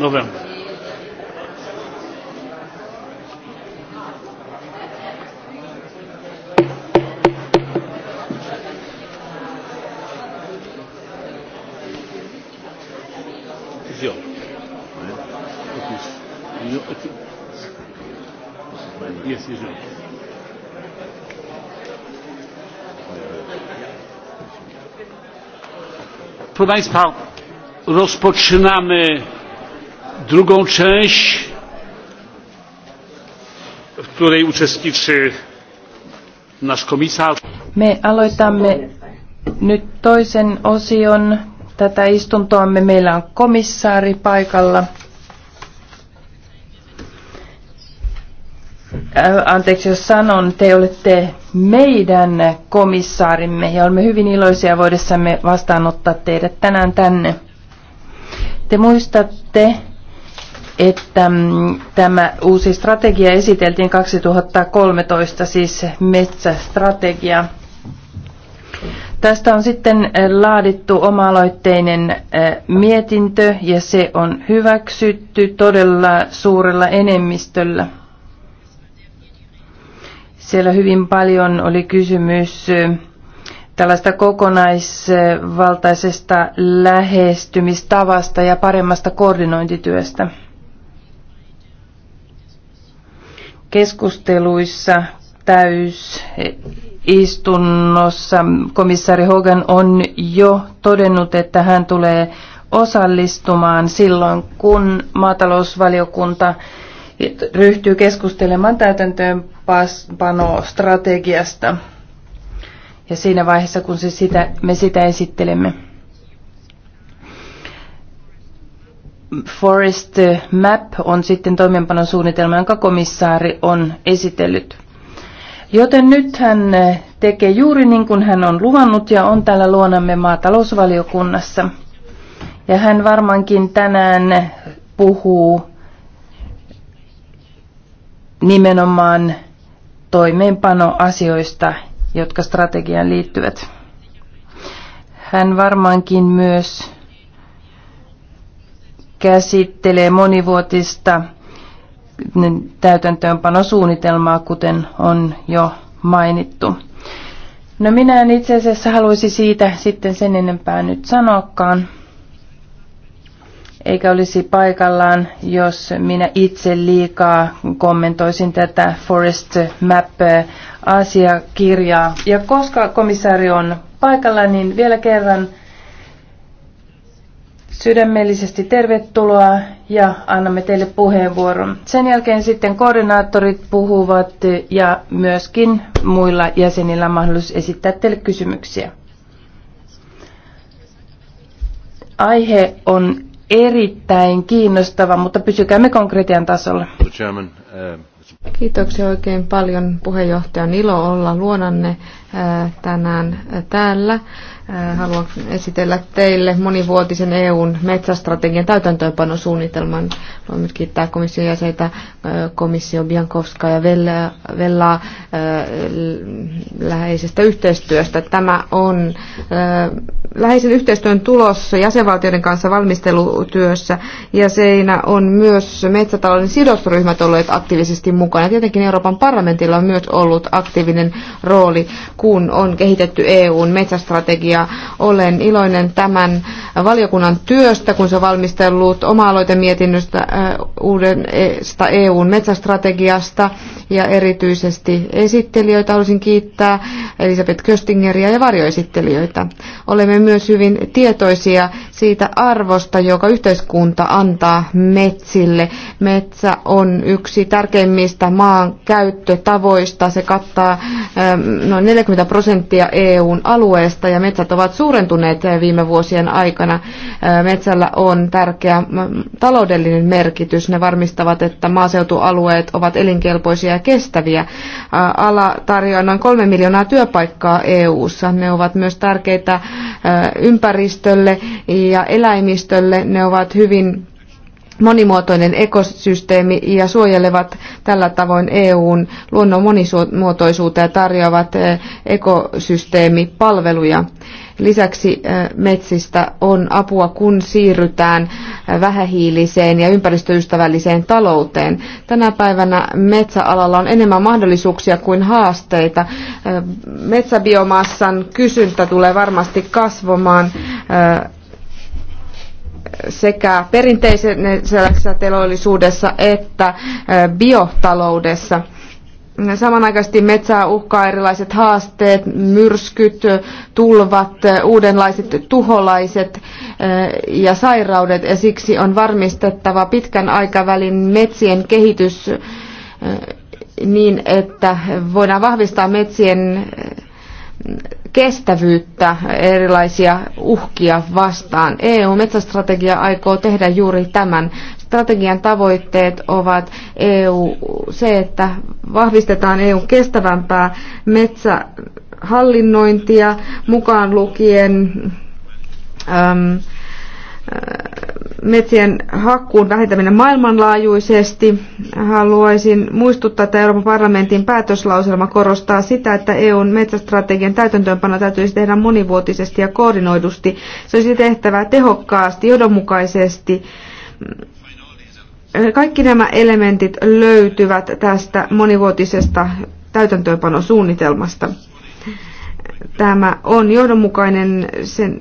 november. No, Proszę Państwa, rozpoczynamy drugą część, w której uczestniczy nasz komisarz. Me aloitamme nyt toisen osion tätä istuntoamme. Meillä on komissaari paikalla. Äh, anteeksi jos sanon, te olette meidän komissaarimme ja olemme hyvin iloisia voidessamme vastaanottaa teidät tänään tänne. Te muistatte, että mm, tämä uusi strategia esiteltiin 2013, siis metsästrategia. Tästä on sitten eh, laadittu oma-aloitteinen eh, mietintö ja se on hyväksytty todella suurella enemmistöllä. Siellä hyvin paljon oli kysymys eh, tällaista kokonaisvaltaisesta lähestymistavasta ja paremmasta koordinointityöstä. keskusteluissa täysistunnossa komissaari Hogan on jo todennut, että hän tulee osallistumaan silloin, kun maatalousvaliokunta ryhtyy keskustelemaan täytäntöönpanostrategiasta. Ja siinä vaiheessa, kun se sitä, me sitä esittelemme. Forest Map on sitten toimeenpanon suunnitelma, jonka komissaari on esitellyt. Joten nyt hän tekee juuri niin kuin hän on luvannut ja on täällä luonamme maatalousvaliokunnassa. Ja hän varmaankin tänään puhuu nimenomaan toimeenpanoasioista, jotka strategiaan liittyvät. Hän varmaankin myös käsittelee monivuotista täytäntöönpanosuunnitelmaa, kuten on jo mainittu. No minä en itse asiassa haluaisi siitä sitten sen enempää nyt sanoakaan, eikä olisi paikallaan, jos minä itse liikaa kommentoisin tätä Forest Map-asiakirjaa. Ja koska komissaari on paikalla, niin vielä kerran sydämellisesti tervetuloa ja annamme teille puheenvuoron. Sen jälkeen sitten koordinaattorit puhuvat ja myöskin muilla jäsenillä on mahdollisuus esittää teille kysymyksiä. Aihe on erittäin kiinnostava, mutta pysykäämme konkretian tasolla. Uh, Kiitoksia oikein paljon puheenjohtajan ilo olla luonanne uh, tänään uh, täällä. Äh, haluan esitellä teille monivuotisen EUn metsästrategian täytäntöönpanosuunnitelman. Haluan myös kiittää komission jäseitä, äh, komissio Biankovska ja Vella, Vella äh, läheisestä yhteistyöstä. Tämä on läheisen yhteistyön tulossa jäsenvaltioiden kanssa valmistelutyössä ja siinä on myös metsätalouden sidosryhmät olleet aktiivisesti mukana. Tietenkin Euroopan parlamentilla on myös ollut aktiivinen rooli, kun on kehitetty EUn metsästrategia. Olen iloinen tämän valiokunnan työstä, kun se on valmistellut oma-aloitemietinnöstä äh, uudesta EUn metsästrategiasta ja erityisesti esittelijöitä haluaisin kiittää Elisabeth Köstingeriä ja varjoesittelijöitä. Olemme myös hyvin tietoisia siitä arvosta, joka yhteiskunta antaa metsille. Metsä on yksi tärkeimmistä maan käyttötavoista. Se kattaa ähm, noin 40 prosenttia EUn alueesta ja metsät ovat suurentuneet viime vuosien aikana. Äh, metsällä on tärkeä taloudellinen merkitys. Ne varmistavat, että maaseutualueet ovat elinkelpoisia ja kestäviä. Äh, ala tarjoaa noin kolme miljoonaa työpaikkaa EUssa. Ne ovat myös tärkeitä äh, ympäristölle ja eläimistölle. Ne ovat hyvin monimuotoinen ekosysteemi ja suojelevat tällä tavoin EUn luonnon monimuotoisuutta ja tarjoavat eh, ekosysteemipalveluja. Lisäksi eh, metsistä on apua, kun siirrytään eh, vähähiiliseen ja ympäristöystävälliseen talouteen. Tänä päivänä metsäalalla on enemmän mahdollisuuksia kuin haasteita. Metsäbiomassan kysyntä tulee varmasti kasvamaan sekä perinteisessä teollisuudessa että biotaloudessa. Samanaikaisesti metsää uhkaa erilaiset haasteet, myrskyt, tulvat, uudenlaiset tuholaiset ja sairaudet, ja siksi on varmistettava pitkän aikavälin metsien kehitys niin, että voidaan vahvistaa metsien kestävyyttä erilaisia uhkia vastaan. EU-metsästrategia aikoo tehdä juuri tämän. Strategian tavoitteet ovat EU, se, että vahvistetaan EUn kestävämpää metsähallinnointia mukaan lukien äm, metsien hakkuun vähentäminen maailmanlaajuisesti. Haluaisin muistuttaa, että Euroopan parlamentin päätöslauselma korostaa sitä, että EUn metsästrategian täytäntöönpano täytyisi tehdä monivuotisesti ja koordinoidusti. Se olisi tehtävä tehokkaasti, johdonmukaisesti. Kaikki nämä elementit löytyvät tästä monivuotisesta täytäntöönpanosuunnitelmasta. Tämä on johdonmukainen sen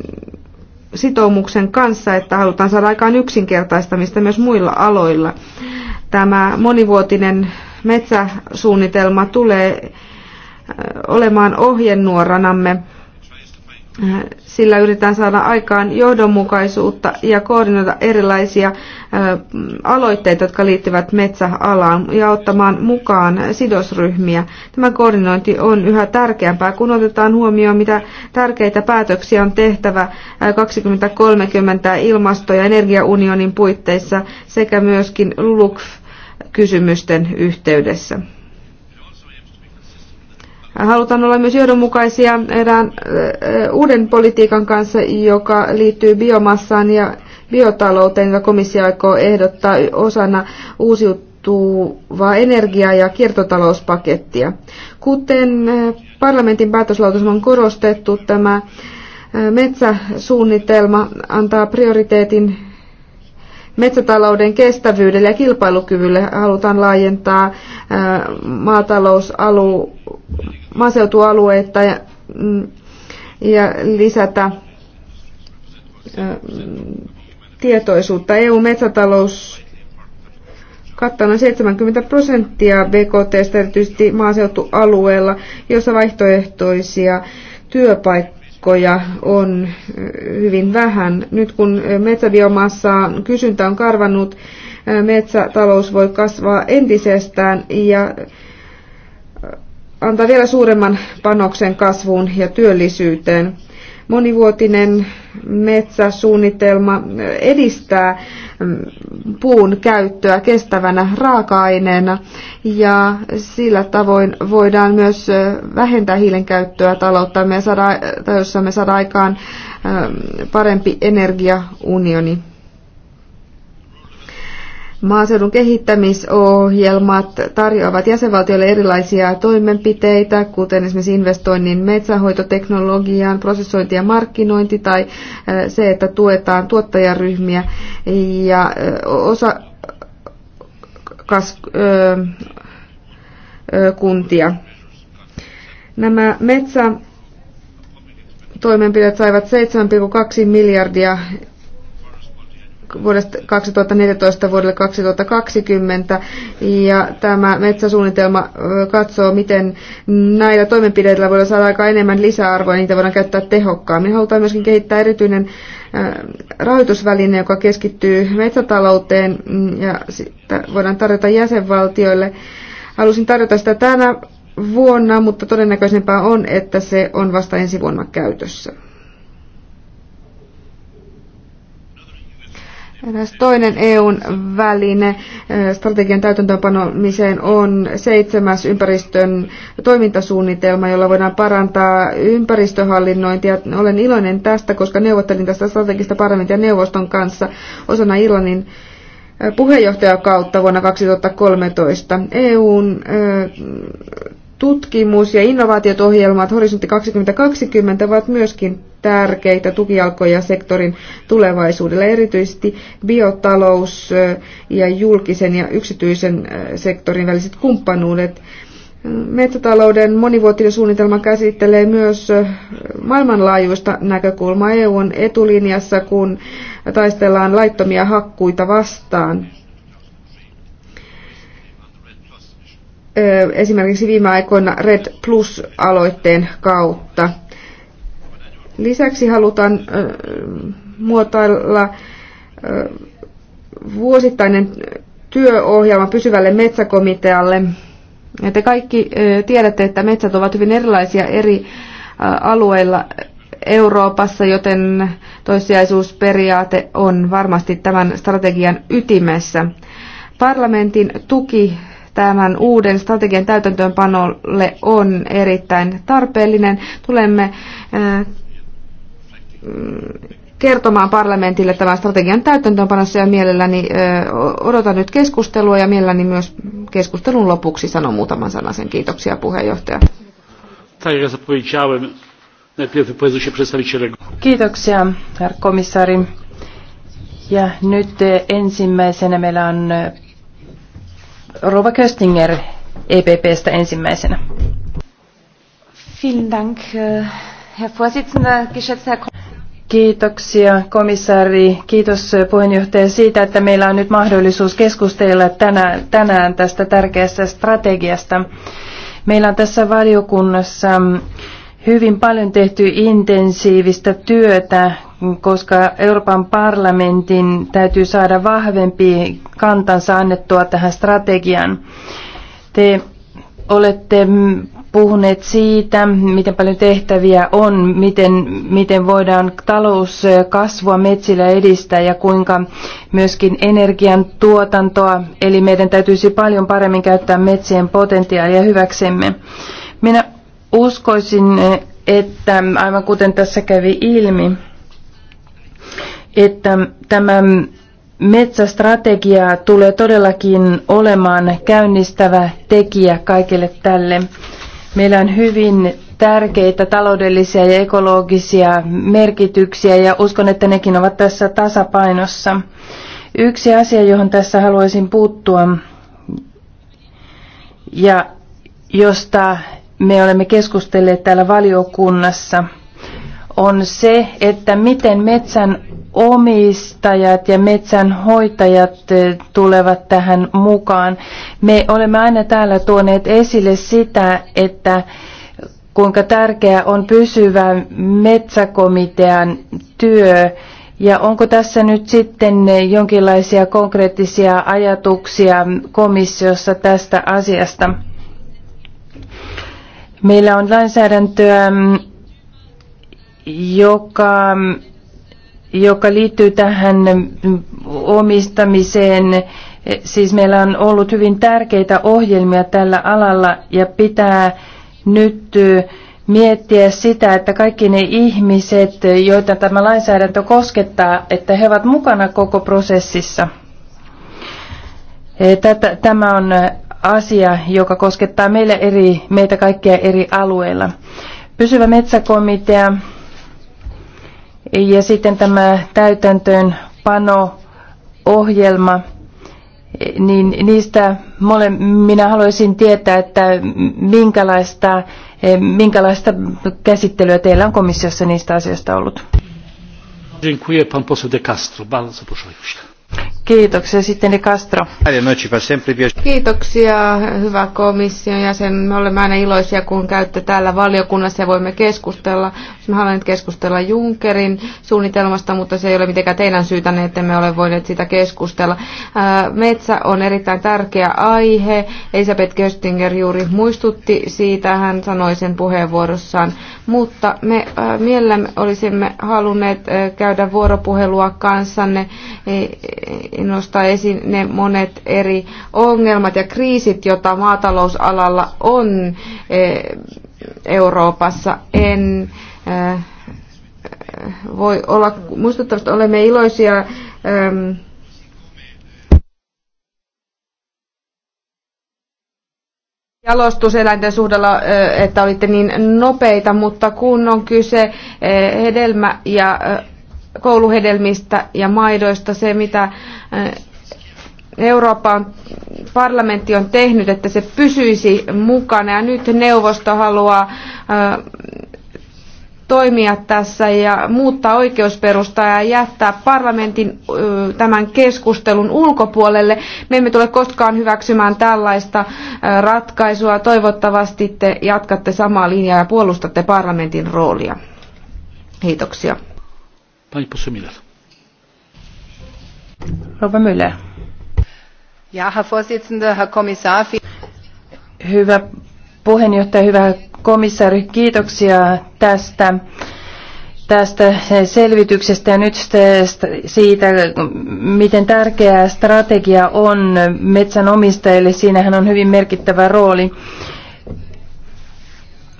sitoumuksen kanssa, että halutaan saada aikaan yksinkertaistamista myös muilla aloilla. Tämä monivuotinen metsäsuunnitelma tulee olemaan ohjenuoranamme Äh, sillä yritetään saada aikaan johdonmukaisuutta ja koordinoida erilaisia äh, aloitteita, jotka liittyvät metsäalaan ja ottamaan mukaan sidosryhmiä. Tämä koordinointi on yhä tärkeämpää, kun otetaan huomioon, mitä tärkeitä päätöksiä on tehtävä 2030 äh, ilmasto- ja energiaunionin puitteissa sekä myöskin LULUKF kysymysten yhteydessä. Halutaan olla myös johdonmukaisia erään uuden politiikan kanssa, joka liittyy biomassaan ja biotalouteen, jota komissio aikoo ehdottaa osana uusiutuvaa energiaa ja kiertotalouspakettia. Kuten parlamentin päätöslautasema on korostettu, tämä metsäsuunnitelma antaa prioriteetin metsätalouden kestävyydelle ja kilpailukyvylle halutaan laajentaa maatalousalu maaseutualueita ja, mm, ja lisätä tietoisuutta. EU-metsätalous kattaa noin 70 prosenttia BKT, erityisesti maaseutualueella, jossa vaihtoehtoisia työpaikkoja on hyvin vähän. Nyt kun metsäbiomassaa kysyntä on karvannut, metsätalous voi kasvaa entisestään ja antaa vielä suuremman panoksen kasvuun ja työllisyyteen. Monivuotinen metsäsuunnitelma edistää mm, puun käyttöä kestävänä raaka-aineena ja sillä tavoin voidaan myös vähentää hiilen käyttöä taloutta, jossa me saadaan aikaan parempi energiaunioni. Maaseudun kehittämisohjelmat tarjoavat jäsenvaltioille erilaisia toimenpiteitä, kuten esimerkiksi investoinnin metsähoitoteknologiaan, prosessointi ja markkinointi tai se, että tuetaan tuottajaryhmiä ja osa kas, ö, ö, kuntia. Nämä metsätoimenpiteet saivat 7,2 miljardia vuodesta 2014 vuodelle 2020 ja tämä metsäsuunnitelma katsoo, miten näillä toimenpiteillä voidaan saada aika enemmän lisäarvoa ja niitä voidaan käyttää tehokkaammin. Halutaan myöskin kehittää erityinen rahoitusväline, joka keskittyy metsätalouteen mm, ja sitä voidaan tarjota jäsenvaltioille. Halusin tarjota sitä tänä vuonna, mutta todennäköisempää on, että se on vasta ensi vuonna käytössä. Eräs toinen EUn väline strategian täytäntöönpanomiseen on seitsemäs ympäristön toimintasuunnitelma, jolla voidaan parantaa ympäristöhallinnointia. Olen iloinen tästä, koska neuvottelin tästä strategista parlamentin ja neuvoston kanssa osana Irlannin puheenjohtajakautta vuonna 2013. EUn tutkimus- ja innovaatiot-ohjelmat Horisontti 2020 ovat myöskin tärkeitä tukijalkoja sektorin tulevaisuudelle, erityisesti biotalous ja julkisen ja yksityisen sektorin väliset kumppanuudet. Metsätalouden monivuotinen suunnitelma käsittelee myös maailmanlaajuista näkökulmaa. EU:n etulinjassa, kun taistellaan laittomia hakkuita vastaan. esimerkiksi viime aikoina Red Plus-aloitteen kautta. Lisäksi halutaan muotoilla vuosittainen työohjelma pysyvälle metsäkomitealle. Te kaikki tiedätte, että metsät ovat hyvin erilaisia eri alueilla Euroopassa, joten toissijaisuusperiaate on varmasti tämän strategian ytimessä. Parlamentin tuki tämän uuden strategian täytäntöönpanolle on erittäin tarpeellinen. Tulemme äh, kertomaan parlamentille tämän strategian täytäntöönpanossa ja mielelläni äh, odotan nyt keskustelua ja mielelläni myös keskustelun lopuksi sanon muutaman sanan sen. Kiitoksia puheenjohtaja. Kiitoksia, herra komissaari. Ja nyt ensimmäisenä meillä on Rova Köstinger EPPstä ensimmäisenä. Vielen Dank, äh, Herr Vorsitzender, geschätzter Herr Kiitoksia komissaari, kiitos äh, puheenjohtaja siitä, että meillä on nyt mahdollisuus keskustella tänään, tänään tästä tärkeästä strategiasta. Meillä on tässä valiokunnassa hyvin paljon tehty intensiivistä työtä, koska Euroopan parlamentin täytyy saada vahvempi kantansa annettua tähän strategiaan. Te olette puhuneet siitä, miten paljon tehtäviä on, miten, miten voidaan talouskasvua metsillä edistää ja kuinka myöskin energian tuotantoa, eli meidän täytyisi paljon paremmin käyttää metsien potentiaalia hyväksemme. Minä Uskoisin, että aivan kuten tässä kävi ilmi, että tämä metsästrategia tulee todellakin olemaan käynnistävä tekijä kaikille tälle. Meillä on hyvin tärkeitä taloudellisia ja ekologisia merkityksiä ja uskon, että nekin ovat tässä tasapainossa. Yksi asia, johon tässä haluaisin puuttua ja josta me olemme keskustelleet täällä valiokunnassa, on se, että miten metsän omistajat ja metsänhoitajat eh, tulevat tähän mukaan. Me olemme aina täällä tuoneet esille sitä, että kuinka tärkeää on pysyvä metsäkomitean työ ja onko tässä nyt sitten eh, jonkinlaisia konkreettisia ajatuksia komissiossa tästä asiasta. Meillä on lainsäädäntöä, mm, joka, mm, joka liittyy tähän mm, omistamiseen. Siis meillä on ollut hyvin tärkeitä ohjelmia tällä alalla ja pitää nyt miettiä sitä, että kaikki ne ihmiset, joita tämä lainsäädäntö koskettaa, että he ovat mukana koko prosessissa. Tätä, tämä on asia, joka koskettaa meillä eri, meitä kaikkia eri alueilla. Pysyvä metsäkomitea ja sitten tämä täytäntöönpano-ohjelma, niin niistä mole, minä haluaisin tietää, että minkälaista, minkälaista käsittelyä teillä on komissiossa niistä asioista ollut. Dziękuję pan poseł De Castro. Bardzo proszę, Kiitoksia sitten De Castro. Kiitoksia hyvä komission jäsen. Me olemme aina iloisia, kun käytte täällä valiokunnassa ja voimme keskustella. Me haluamme keskustella Junckerin suunnitelmasta, mutta se ei ole mitenkään teidän syytänne, niin että me ole voineet sitä keskustella. Metsä on erittäin tärkeä aihe. Elisabeth Köstinger juuri muistutti siitä, hän sanoi sen puheenvuorossaan. Mutta me mielellämme olisimme halunneet käydä vuoropuhelua kanssanne, e, e, nostaa esiin ne monet eri ongelmat ja kriisit, joita maatalousalalla on e, Euroopassa. En Äh, voi olla muistuttavasti, olemme iloisia ähm, jalostuseläinten suhdella, äh, että olitte niin nopeita, mutta kun on kyse äh, hedelmä- ja kouluhedelmistä ja maidoista, se mitä Euroopan parlamentti on tehnyt, että se pysyisi mukana ja nyt neuvosto haluaa toimia tässä ja muuttaa oikeusperustaa ja jättää parlamentin tämän keskustelun ulkopuolelle. Me emme tule koskaan hyväksymään tällaista ratkaisua. Toivottavasti te jatkatte samaa linjaa ja puolustatte parlamentin roolia. Kiitoksia. Pani Müller. Rouva Müller. Ja, Herr Vorsitzender, Herr Kommissar. Hyvä puheenjohtaja, hyvä komissaari, kiitoksia tästä tästä selvityksestä ja nyt siitä, miten tärkeää strategia on metsänomistajille. Siinähän on hyvin merkittävä rooli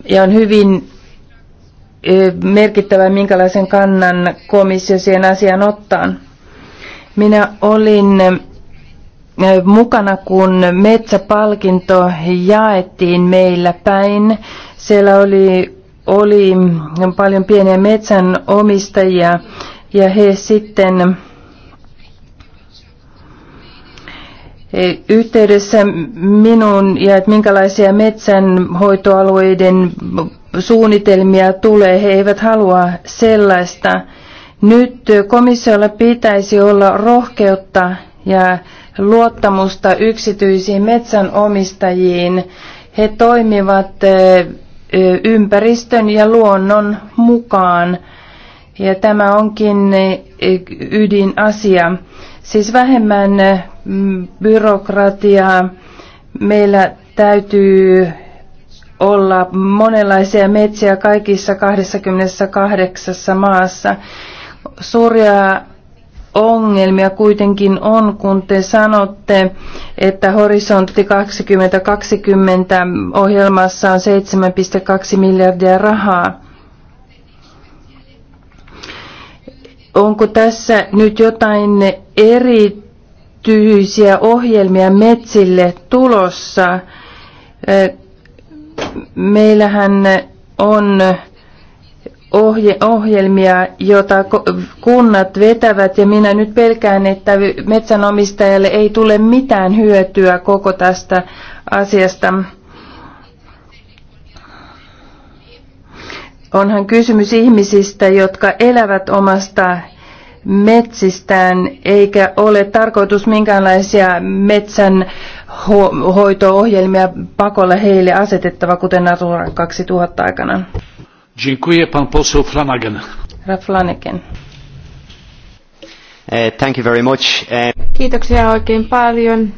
ja on hyvin merkittävä, minkälaisen kannan komissio siihen asiaan ottaa. Minä olin mukana, kun metsäpalkinto jaettiin meillä päin siellä oli, oli paljon pieniä metsänomistajia ja he sitten e, yhteydessä minun ja että minkälaisia metsänhoitoalueiden suunnitelmia tulee. He eivät halua sellaista. Nyt komissiolla pitäisi olla rohkeutta ja luottamusta yksityisiin metsänomistajiin. He toimivat e, ympäristön ja luonnon mukaan. Ja tämä onkin ydinasia. Siis vähemmän byrokratiaa. Meillä täytyy olla monenlaisia metsiä kaikissa 28 maassa. Suuria ongelmia kuitenkin on, kun te sanotte, että Horisontti 2020 ohjelmassa on 7,2 miljardia rahaa. Onko tässä nyt jotain erityisiä ohjelmia metsille tulossa? Meillähän on ohje, ohjelmia, joita kunnat vetävät, ja minä nyt pelkään, että metsänomistajalle ei tule mitään hyötyä koko tästä asiasta. Onhan kysymys ihmisistä, jotka elävät omasta metsistään, eikä ole tarkoitus minkäänlaisia metsän hoitoohjelmia pakolla heille asetettava, kuten Natura 2000 aikana. Eh, thank you very much. Eh, Kiitoksia oikein paljon.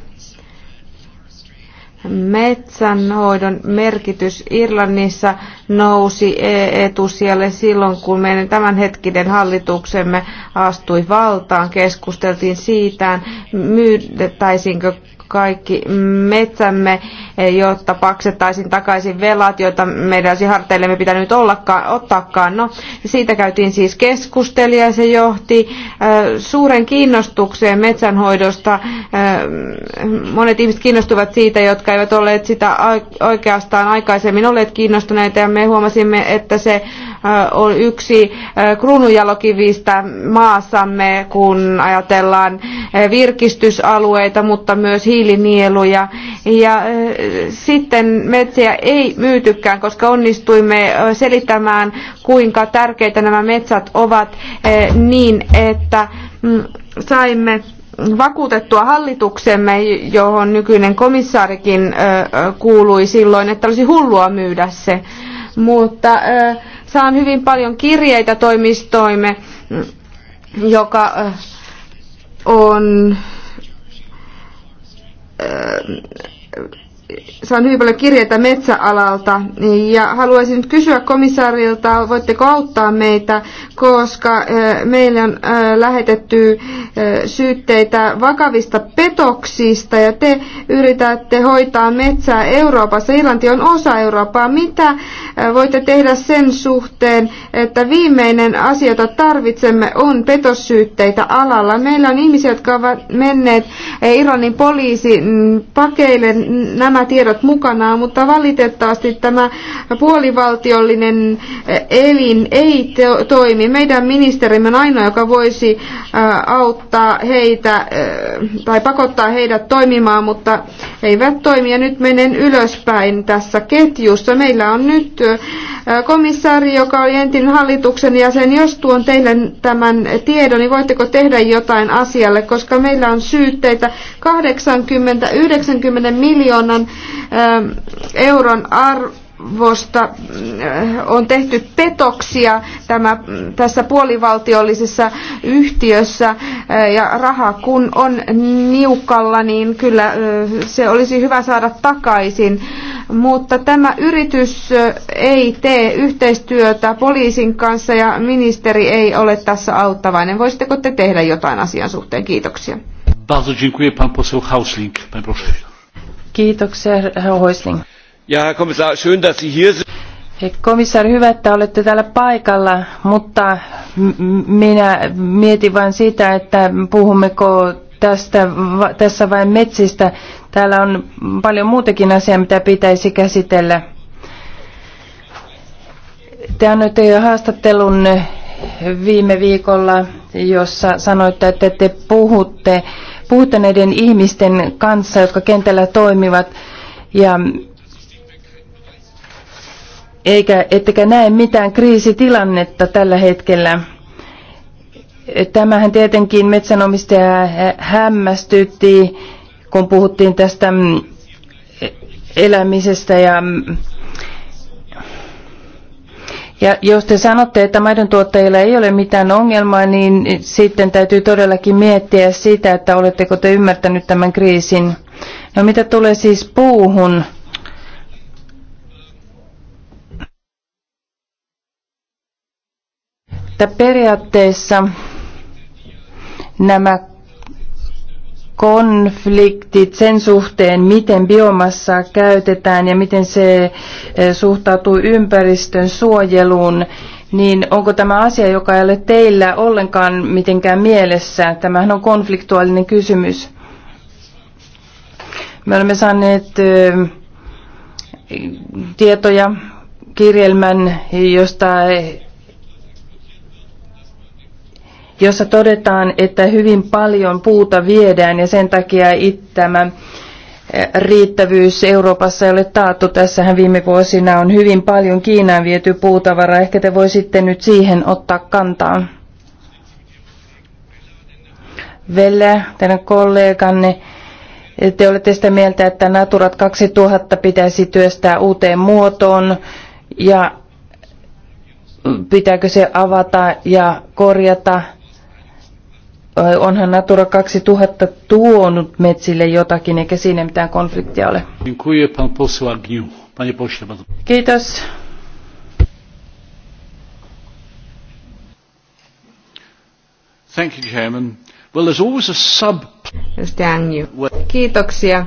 Metsänhoidon merkitys Irlannissa nousi etusijalle silloin, kun meidän tämänhetkinen hallituksemme astui valtaan. Keskusteltiin siitä, myydettäisiinkö kaikki metsämme, eh, jotta paksettaisiin takaisin velat, joita meidän siharteillemme pitää nyt ollakaan, ottaakaan. No, siitä käytiin siis keskustelija ja se johti eh, suuren kiinnostukseen metsänhoidosta. Eh, monet ihmiset kiinnostuvat siitä, jotka eivät olleet sitä oikeastaan aikaisemmin olleet kiinnostuneita ja me huomasimme, että se on yksi kruununjalokivistä maassamme, kun ajatellaan virkistysalueita, mutta myös hiilinieluja. Ja sitten metsiä ei myytykään, koska onnistuimme selittämään, kuinka tärkeitä nämä metsät ovat niin, että mm, saimme vakuutettua hallituksemme, johon nykyinen komissaarikin kuului silloin, että olisi hullua myydä se. Mutta Saan hyvin paljon kirjeitä toimistoimme, joka äh, on äh, saan hyvin paljon kirjeitä metsäalalta ja haluaisin nyt kysyä komissaarilta, voitteko auttaa meitä, koska meille on lähetetty syytteitä vakavista petoksista ja te yritätte hoitaa metsää Euroopassa. Irlanti on osa Eurooppaa. Mitä voitte tehdä sen suhteen, että viimeinen asia, jota tarvitsemme, on petossyytteitä alalla? Meillä on ihmisiä, jotka ovat menneet Irlannin poliisin pakeille nämä nämä tiedot mukanaan, mutta valitettavasti tämä puolivaltiollinen elin ei toimi. Meidän ministerimme on ainoa, joka voisi auttaa heitä tai pakottaa heidät toimimaan, mutta eivät toimi. Ja nyt menen ylöspäin tässä ketjussa. Meillä on nyt komissaari, joka oli entinen hallituksen jäsen. Jos tuon teille tämän tiedon, niin voitteko tehdä jotain asialle, koska meillä on syytteitä 80-90 miljoonan Ähm, euron arvo vosta äh, on tehty petoksia tämä, tässä puolivaltiollisessa yhtiössä äh, ja raha kun on niukalla, niin kyllä äh, se olisi hyvä saada takaisin. Mutta tämä yritys ei tee yhteistyötä poliisin kanssa ja ministeri ei ole tässä auttavainen. Voisitteko te tehdä jotain asian suhteen? Kiitoksia. Bardzo dziękuję pan poseł Hausling. Pan proszę. Kiitoksia, herra Hoisling. Ja herra komissaari, schön, dass Sie hier sind. Komissaari, hyvä, että olette täällä paikalla, mutta minä mietin vain sitä, että puhummeko tästä, tässä vain metsistä. Täällä on paljon muutakin asiaa, mitä pitäisi käsitellä. Te annoitte jo haastattelun viime viikolla, jossa sanoitte, että te puhutte puhuttaneiden ihmisten kanssa, jotka kentällä toimivat, ja eikä, ettekä näe mitään kriisitilannetta tällä hetkellä. Tämähän tietenkin metsänomistaja hämmästytti, kun puhuttiin tästä elämisestä ja ja jos te sanotte, että maidon tuottajilla ei ole mitään ongelmaa, niin sitten täytyy todellakin miettiä sitä, että oletteko te ymmärtänyt tämän kriisin. No mitä tulee siis puuhun? Että periaatteessa nämä konfliktit sen suhteen, miten biomassaa käytetään ja miten se eh, suhtautuu ympäristön suojeluun, niin onko tämä asia, joka ei ole teillä ollenkaan mitenkään mielessä? Tämähän on konfliktuaalinen kysymys. Me olemme saaneet eh, tietoja kirjelmän, josta jossa todetaan, että hyvin paljon puuta viedään ja sen takia tämä eh, riittävyys Euroopassa ei ole taattu. Tässähän viime vuosina on hyvin paljon Kiinaan viety puutavaraa. Ehkä te voisitte nyt siihen ottaa kantaa. Velle, teidän kolleganne, te olette sitä mieltä, että Naturat 2000 pitäisi työstää uuteen muotoon ja pitääkö se avata ja korjata onhan Natura 2000 tuonut metsille jotakin, eikä siinä mitään konfliktia ole. Kiitos. Thank you, Chairman. Well, there's always a sub... Kiitoksia.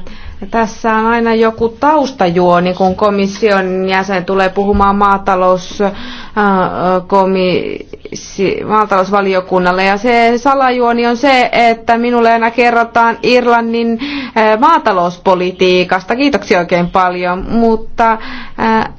Tässä on aina joku taustajuoni, kun komission jäsen tulee puhumaan maatalouskomi maatalousvaliokunnalle. Ja se salajuoni on se, että minulle aina kerrotaan Irlannin eh, maatalouspolitiikasta. Kiitoksia oikein paljon, mutta eh,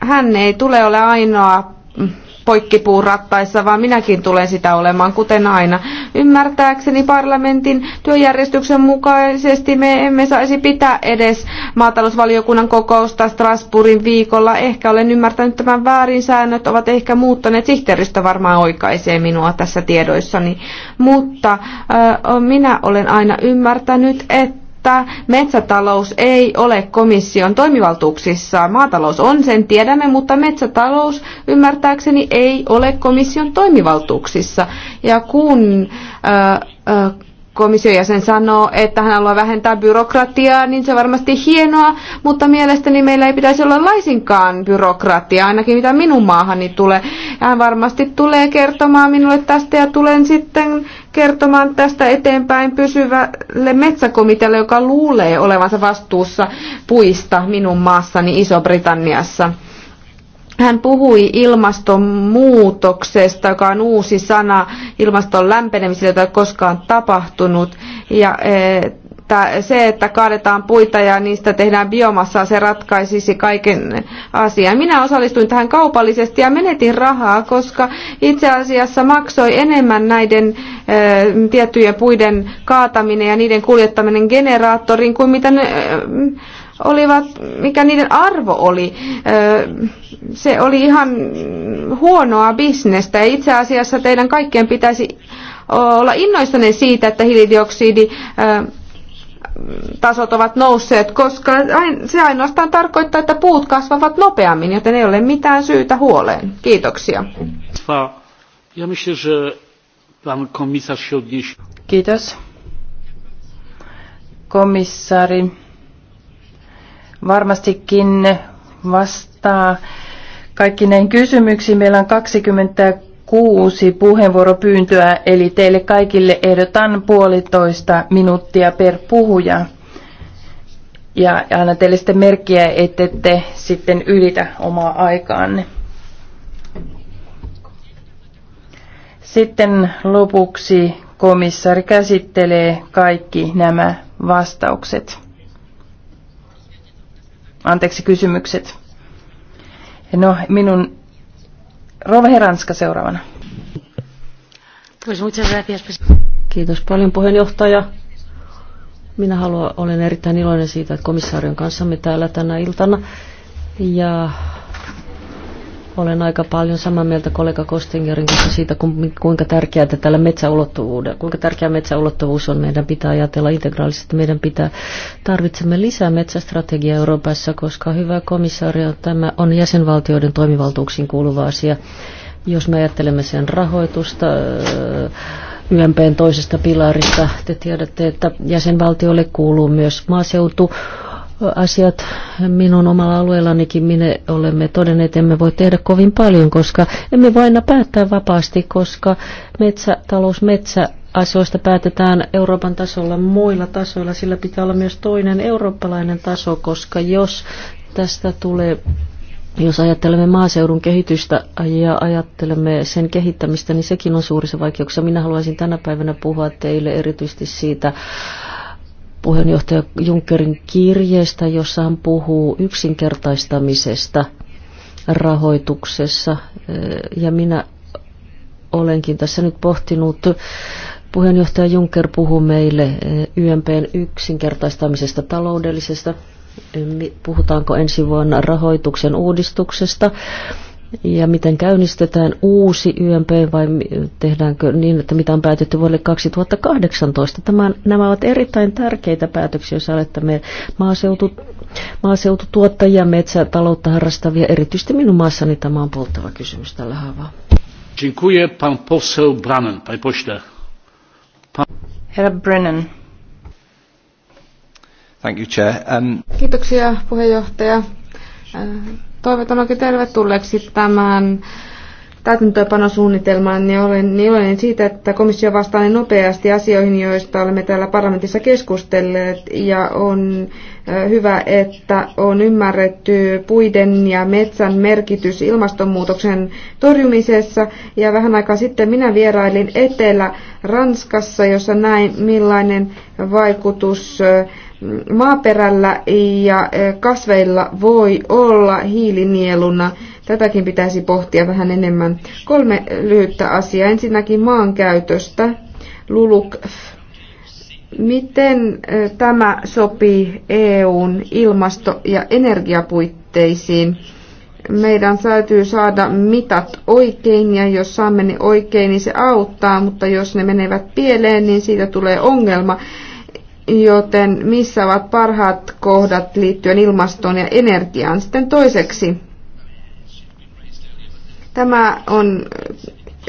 hän ei tule ole ainoa mm, poikkipuurattaissa, vaan minäkin tulen sitä olemaan, kuten aina. Ymmärtääkseni parlamentin työjärjestyksen mukaisesti me emme saisi pitää edes maatalousvaliokunnan kokousta Strasbourgin viikolla. Ehkä olen ymmärtänyt tämän väärin, säännöt ovat ehkä muuttaneet, sihteeristö varmaan oikaisee minua tässä tiedoissani. Mutta äh, minä olen aina ymmärtänyt, että että metsätalous ei ole komission toimivaltuuksissa. Maatalous on, sen tiedämme, mutta metsätalous ymmärtääkseni ei ole komission toimivaltuuksissa. Ja kun äh, äh, komission jäsen sanoo, että hän haluaa vähentää byrokratiaa, niin se on varmasti hienoa, mutta mielestäni meillä ei pitäisi olla laisinkaan byrokratiaa, ainakin mitä minun maahani tulee. Hän varmasti tulee kertomaan minulle tästä ja tulen sitten kertomaan tästä eteenpäin pysyvälle metsäkomitealle, joka luulee olevansa vastuussa puista minun maassani Iso-Britanniassa hän puhui ilmastonmuutoksesta, joka on uusi sana ilmaston lämpenemisestä, jota ei ole koskaan tapahtunut. Ja e, se, että kaadetaan puita ja niistä tehdään biomassaa, se ratkaisisi kaiken asian. Minä osallistuin tähän kaupallisesti ja menetin rahaa, koska itse asiassa maksoi enemmän näiden e, tiettyjen puiden kaataminen ja niiden kuljettaminen generaattoriin kuin mitä ne... E, olivat, mikä niiden arvo oli. Se oli ihan huonoa bisnestä ja itse asiassa teidän kaikkien pitäisi olla innoissanne siitä, että hiilidioksidi tasot ovat nousseet, koska se ainoastaan tarkoittaa, että puut kasvavat nopeammin, joten ei ole mitään syytä huoleen. Kiitoksia. Kiitos. Komissaari varmastikin vastaa kaikki näihin kysymyksiin. Meillä on 26 puheenvuoropyyntöä, eli teille kaikille ehdotan puolitoista minuuttia per puhuja. Ja anna teille sitten merkkiä, ettette sitten ylitä omaa aikaanne. Sitten lopuksi komissaari käsittelee kaikki nämä vastaukset anteeksi, kysymykset. No, minun Rova Heranska seuraavana. Kiitos paljon puheenjohtaja. Minä haluan, olen erittäin iloinen siitä, että komissaarion kanssamme täällä tänä iltana. Ja olen aika paljon samaa mieltä kollega Kostingerin kanssa siitä, kuinka tärkeää tällä metsäulottuvuuden, kuinka tärkeä metsäulottuvuus on. Meidän pitää ajatella integraalisesti, meidän pitää, tarvitsemme lisää metsästrategiaa Euroopassa, koska hyvä komissaari, tämä on jäsenvaltioiden toimivaltuuksiin kuuluva asia. Jos me ajattelemme sen rahoitusta, YMPn toisesta pilarista. Te tiedätte, että jäsenvaltiolle kuuluu myös maaseutu, asiat minun omalla alueellanikin minne olemme todenneet, emme voi tehdä kovin paljon, koska emme voi aina päättää vapaasti, koska metsätalous, metsä asioista päätetään Euroopan tasolla muilla tasoilla. Sillä pitää olla myös toinen eurooppalainen taso, koska jos tästä tulee jos ajattelemme maaseudun kehitystä ja ajattelemme sen kehittämistä, niin sekin on suurissa vaikeuksissa. Minä haluaisin tänä päivänä puhua teille erityisesti siitä puheenjohtaja Junckerin kirjeestä, jossa hän puhuu yksinkertaistamisesta rahoituksessa. Ja minä olenkin tässä nyt pohtinut, puheenjohtaja Juncker puhuu meille YMPn yksinkertaistamisesta taloudellisesta. Puhutaanko ensi vuonna rahoituksen uudistuksesta? ja miten käynnistetään uusi YMP vai tehdäänkö niin, että mitä on päätetty vuodelle 2018. Tämä, nämä ovat erittäin tärkeitä päätöksiä, jos olette maaseutu, maaseututuottajia, metsätaloutta harrastavia. Erityisesti minun maassani tämä on polttava kysymys tällä haavaa. Dziękuję pan poseł Brennan, panie pośle. Pan... Herra Brennan. Thank you, chair. Um... Kiitoksia puheenjohtaja. Uh toivotan oikein tervetulleeksi tämän täytäntöpanosuunnitelman, niin olen iloinen siitä, että komissio vastaa niin nopeasti asioihin, joista olemme täällä parlamentissa keskustelleet, ja on hyvä, että on ymmärretty puiden ja metsän merkitys ilmastonmuutoksen torjumisessa, ja vähän aikaa sitten minä vierailin Etelä-Ranskassa, jossa näin millainen vaikutus maaperällä ja e, kasveilla voi olla hiilinieluna. Tätäkin pitäisi pohtia vähän enemmän. Kolme lyhyttä asiaa. Ensinnäkin maankäytöstä. Luluk. Miten e, tämä sopii EUn ilmasto- ja energiapuitteisiin? meidän täytyy saada mitat oikein ja jos saamme ne oikein, niin se auttaa, mutta jos ne menevät pieleen, niin siitä tulee ongelma joten missä ovat parhaat kohdat liittyen ilmastoon ja energiaan. Sitten toiseksi, tämä on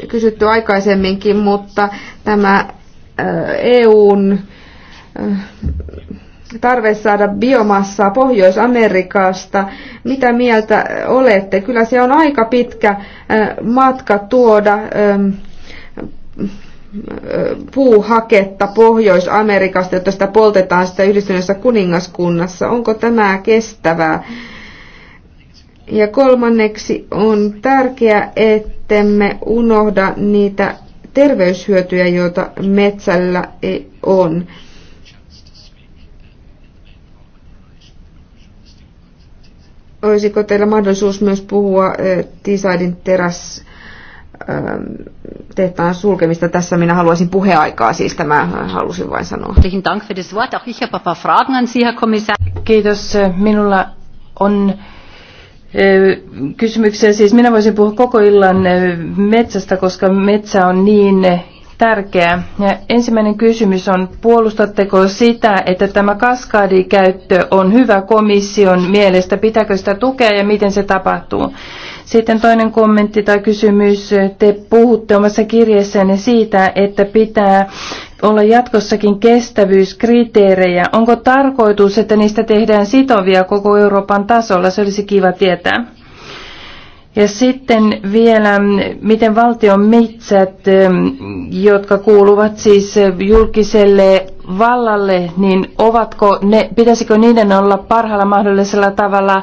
kysytty aikaisemminkin, mutta tämä EUn tarve saada biomassaa Pohjois-Amerikasta. Mitä mieltä olette? Kyllä se on aika pitkä matka tuoda puuhaketta Pohjois-Amerikasta, jotta sitä poltetaan sitä yhdistyneessä kuningaskunnassa. Onko tämä kestävää? Ja kolmanneksi on tärkeää, ettemme unohda niitä terveyshyötyjä, joita metsällä e, on. Olisiko teillä mahdollisuus myös puhua Tisaidin teräs Ähm, tehtaan sulkemista. Tässä minä haluaisin puheaikaa, siis tämä halusin vain sanoa. Kiitos. Minulla on äh, kysymyksiä. Siis minä voisin puhua koko illan äh, metsästä, koska metsä on niin tärkeä. Ja ensimmäinen kysymys on, puolustatteko sitä, että tämä kaskadikäyttö on hyvä komission mielestä? Pitääkö sitä tukea ja miten se tapahtuu? Sitten toinen kommentti tai kysymys. Te puhutte omassa kirjassanne siitä, että pitää olla jatkossakin kestävyyskriteerejä. Onko tarkoitus, että niistä tehdään sitovia koko Euroopan tasolla? Se olisi kiva tietää. Ja sitten vielä, miten valtion metsät, ähm, jotka kuuluvat siis äh, julkiselle vallalle, niin ovatko ne, pitäisikö niiden olla parhaalla mahdollisella tavalla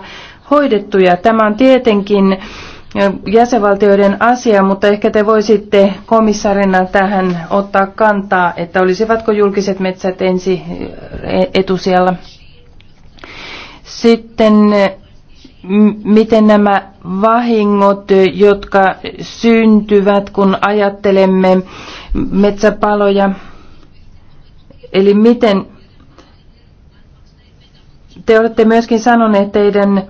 hoidettuja? Tämä on tietenkin äh, jäsenvaltioiden asia, mutta ehkä te voisitte komissarina tähän ottaa kantaa, että olisivatko julkiset metsät ensi äh, etusijalla. Sitten miten nämä vahingot, jotka syntyvät, kun ajattelemme metsäpaloja, eli miten te olette myöskin sanoneet teidän eh,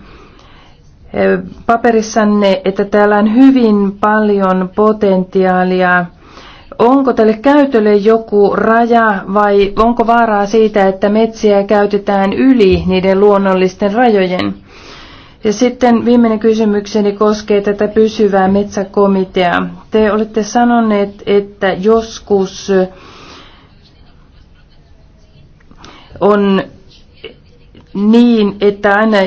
paperissanne, että täällä on hyvin paljon potentiaalia. Onko tälle käytölle joku raja vai onko vaaraa siitä, että metsiä käytetään yli niiden luonnollisten rajojen? Ja sitten viimeinen kysymykseni koskee tätä pysyvää metsäkomiteaa. Te olette sanoneet, että joskus on niin, että aina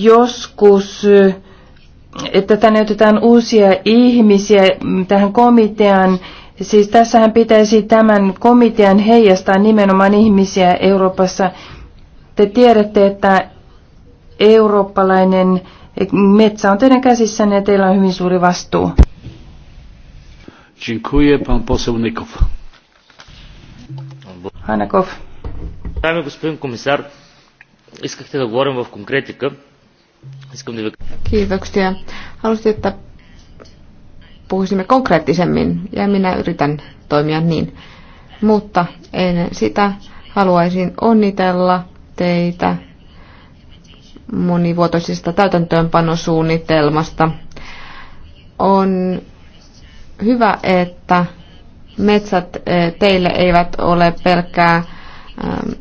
joskus, että tänne otetaan uusia ihmisiä tähän komiteaan, Siis tässähän pitäisi tämän komitean heijastaa nimenomaan ihmisiä Euroopassa. Te tiedätte, että eurooppalainen metsä on teidän käsissänne ja teillä on hyvin suuri vastuu. Dziękuję, pan poseł Nikow. Hanakov. Дами господин комисар, искахте да говорим в конкретика. Искам да ви... Kiitoksia. Halusin, että puhuisimme konkreettisemmin ja minä yritän toimia niin. Mutta ennen sitä haluaisin onnitella teitä monivuotoisesta täytäntöönpanosuunnitelmasta. On hyvä, että metsät eh, teille eivät ole pelkkää ehm,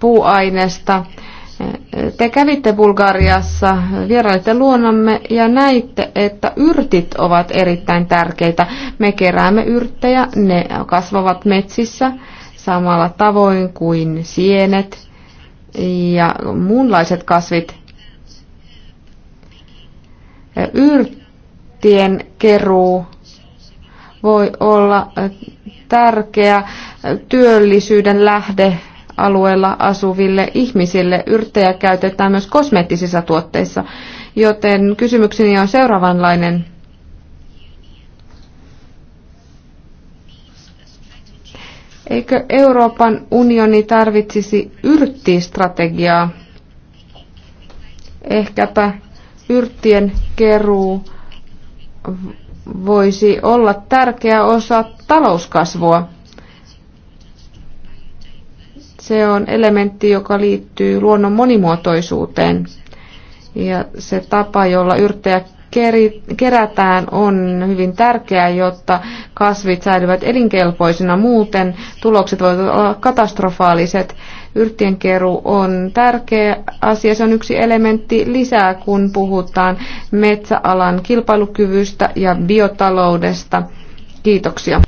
puuainesta. Eh, te kävitte Bulgariassa, vierailitte luonamme ja näitte, että yrtit ovat erittäin tärkeitä. Me keräämme yrttejä, ne kasvavat metsissä samalla tavoin kuin sienet ja muunlaiset kasvit. Yrttien keruu voi olla tärkeä työllisyyden lähde alueella asuville ihmisille. Yrttejä käytetään myös kosmeettisissa tuotteissa, joten kysymykseni on seuraavanlainen Eikö Euroopan unioni tarvitsisi yrttistrategiaa? Ehkäpä yrttien keruu voisi olla tärkeä osa talouskasvua. Se on elementti, joka liittyy luonnon monimuotoisuuteen. Ja se tapa, jolla yrttejä kerätään, on hyvin tärkeää, jotta kasvit säilyvät elinkelpoisina. Muuten tulokset voivat olla katastrofaaliset. Yrttien keru on tärkeä asia. Se on yksi elementti lisää, kun puhutaan metsäalan kilpailukyvystä ja biotaloudesta. Kiitoksia.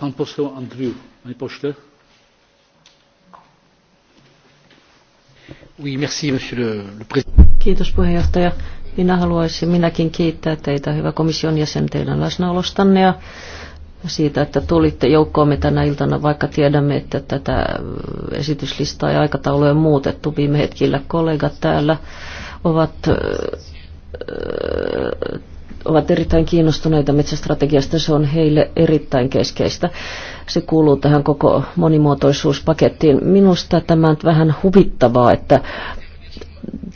Pan poseł Andriu, panie pośle. Kiitos puheenjohtaja. Minä haluaisin minäkin kiittää teitä, hyvä komission jäsen, teidän läsnäolostanne ja siitä, että tulitte joukkoomme tänä iltana, vaikka tiedämme, että tätä esityslistaa ja aikatauluja on muutettu viime hetkillä. Kollegat täällä ovat ovat erittäin kiinnostuneita metsästrategiasta. Se on heille erittäin keskeistä. Se kuuluu tähän koko monimuotoisuuspakettiin. Minusta tämä on vähän huvittavaa, että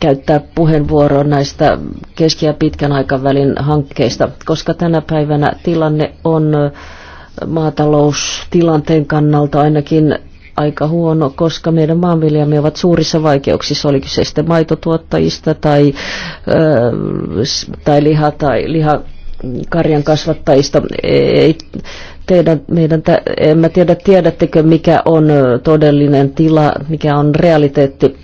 käyttää puheenvuoroa näistä keski- ja pitkän aikavälin hankkeista, koska tänä päivänä tilanne on maataloustilanteen kannalta ainakin aika huono, koska meidän maanviljelijämme ovat suurissa vaikeuksissa, oli se sitten maitotuottajista tai, ö, tai liha tai liha karjan kasvattajista. Ei, teidän, meidän, en mä tiedä, tiedättekö mikä on todellinen tila, mikä on realiteetti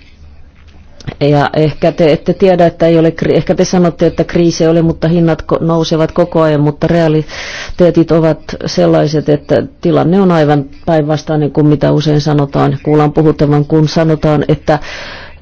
ja ehkä te ette tiedä, että ei ole, ehkä te sanotte, että kriisi oli, mutta hinnat nousevat koko ajan, mutta realiteetit ovat sellaiset, että tilanne on aivan päinvastainen kuin mitä usein sanotaan. Kuullaan puhuttavan, kun sanotaan, että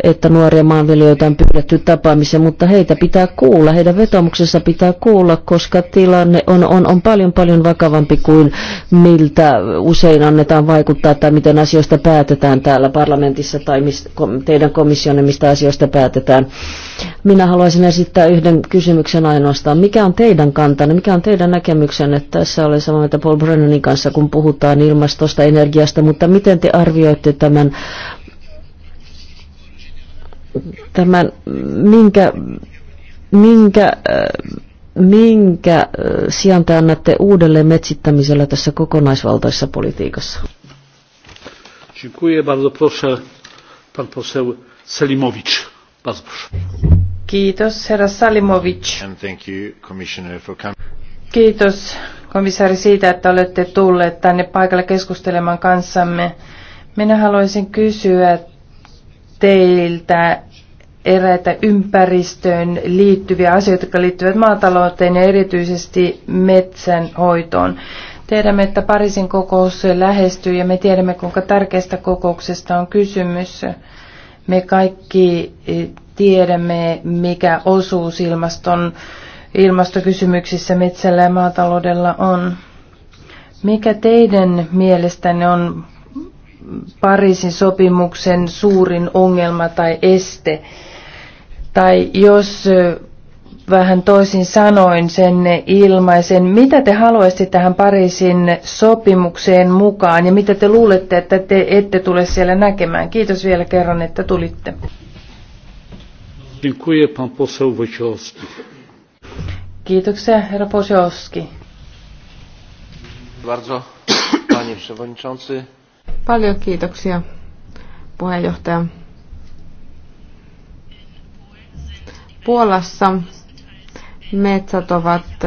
että nuoria maanviljelijöitä on pyydetty tapaamiseen, mutta heitä pitää kuulla, heidän vetomuksessa pitää kuulla, koska tilanne on, on, on paljon paljon vakavampi kuin miltä usein annetaan vaikuttaa tai miten asioista päätetään täällä parlamentissa tai mistä, teidän komissionne, mistä asioista päätetään. Minä haluaisin esittää yhden kysymyksen ainoastaan. Mikä on teidän kantanne, mikä on teidän näkemyksenne? Tässä olen samaa mieltä Paul Brennanin kanssa, kun puhutaan ilmastosta, energiasta, mutta miten te arvioitte tämän tämän, minkä, minkä, äh, minkä äh, sijaan te annatte uudelleen metsittämisellä tässä kokonaisvaltaisessa politiikassa? Kiitos herra Salimovic. Kiitos komissaari siitä, että olette tulleet tänne paikalle keskustelemaan kanssamme. Minä haluaisin kysyä teiltä eräitä ympäristöön liittyviä asioita, jotka liittyvät maatalouteen ja erityisesti metsänhoitoon. Tiedämme, että Pariisin kokous lähestyy ja me tiedämme, kuinka tärkeästä kokouksesta on kysymys. Me kaikki eh, tiedämme, mikä osuus ilmaston, ilmastokysymyksissä metsällä ja maataloudella on. Mikä teidän mielestänne on Pariisin sopimuksen suurin ongelma tai este? tai jos vähän toisin sanoin sen ilmaisen, mitä te haluaisitte tähän Pariisin sopimukseen mukaan ja mitä te luulette, että te ette tule siellä näkemään. Kiitos vielä kerran, että tulitte. Kiitoksia, herra Posiowski. Paljon kiitoksia, puheenjohtaja. Puolassa metsät ovat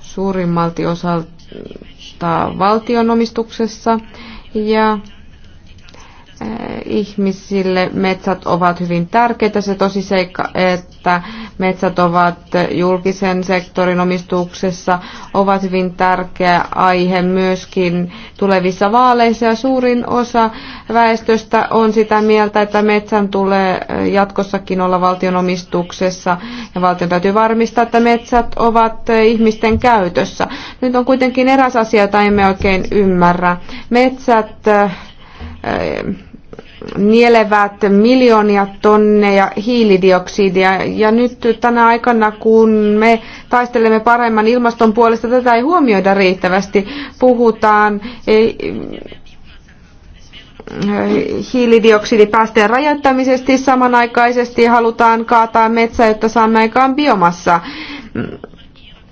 suurimmalti osalta valtionomistuksessa ja Eh, ihmisille metsät ovat hyvin tärkeitä. Se tosi seikka, että metsät ovat julkisen sektorin omistuksessa, ovat hyvin tärkeä aihe myöskin tulevissa vaaleissa. Ja suurin osa väestöstä on sitä mieltä, että metsän tulee jatkossakin olla valtion omistuksessa ja valtion täytyy varmistaa, että metsät ovat ihmisten käytössä. Nyt on kuitenkin eräs asia, jota emme oikein ymmärrä. Metsät eh, nielevät miljoonia tonneja hiilidioksidia. Ja nyt tänä aikana, kun me taistelemme paremman ilmaston puolesta, tätä ei huomioida riittävästi. Puhutaan hiilidioksidipäästöjen rajoittamisesti samanaikaisesti halutaan kaataa metsä, jotta saamme aikaan biomassa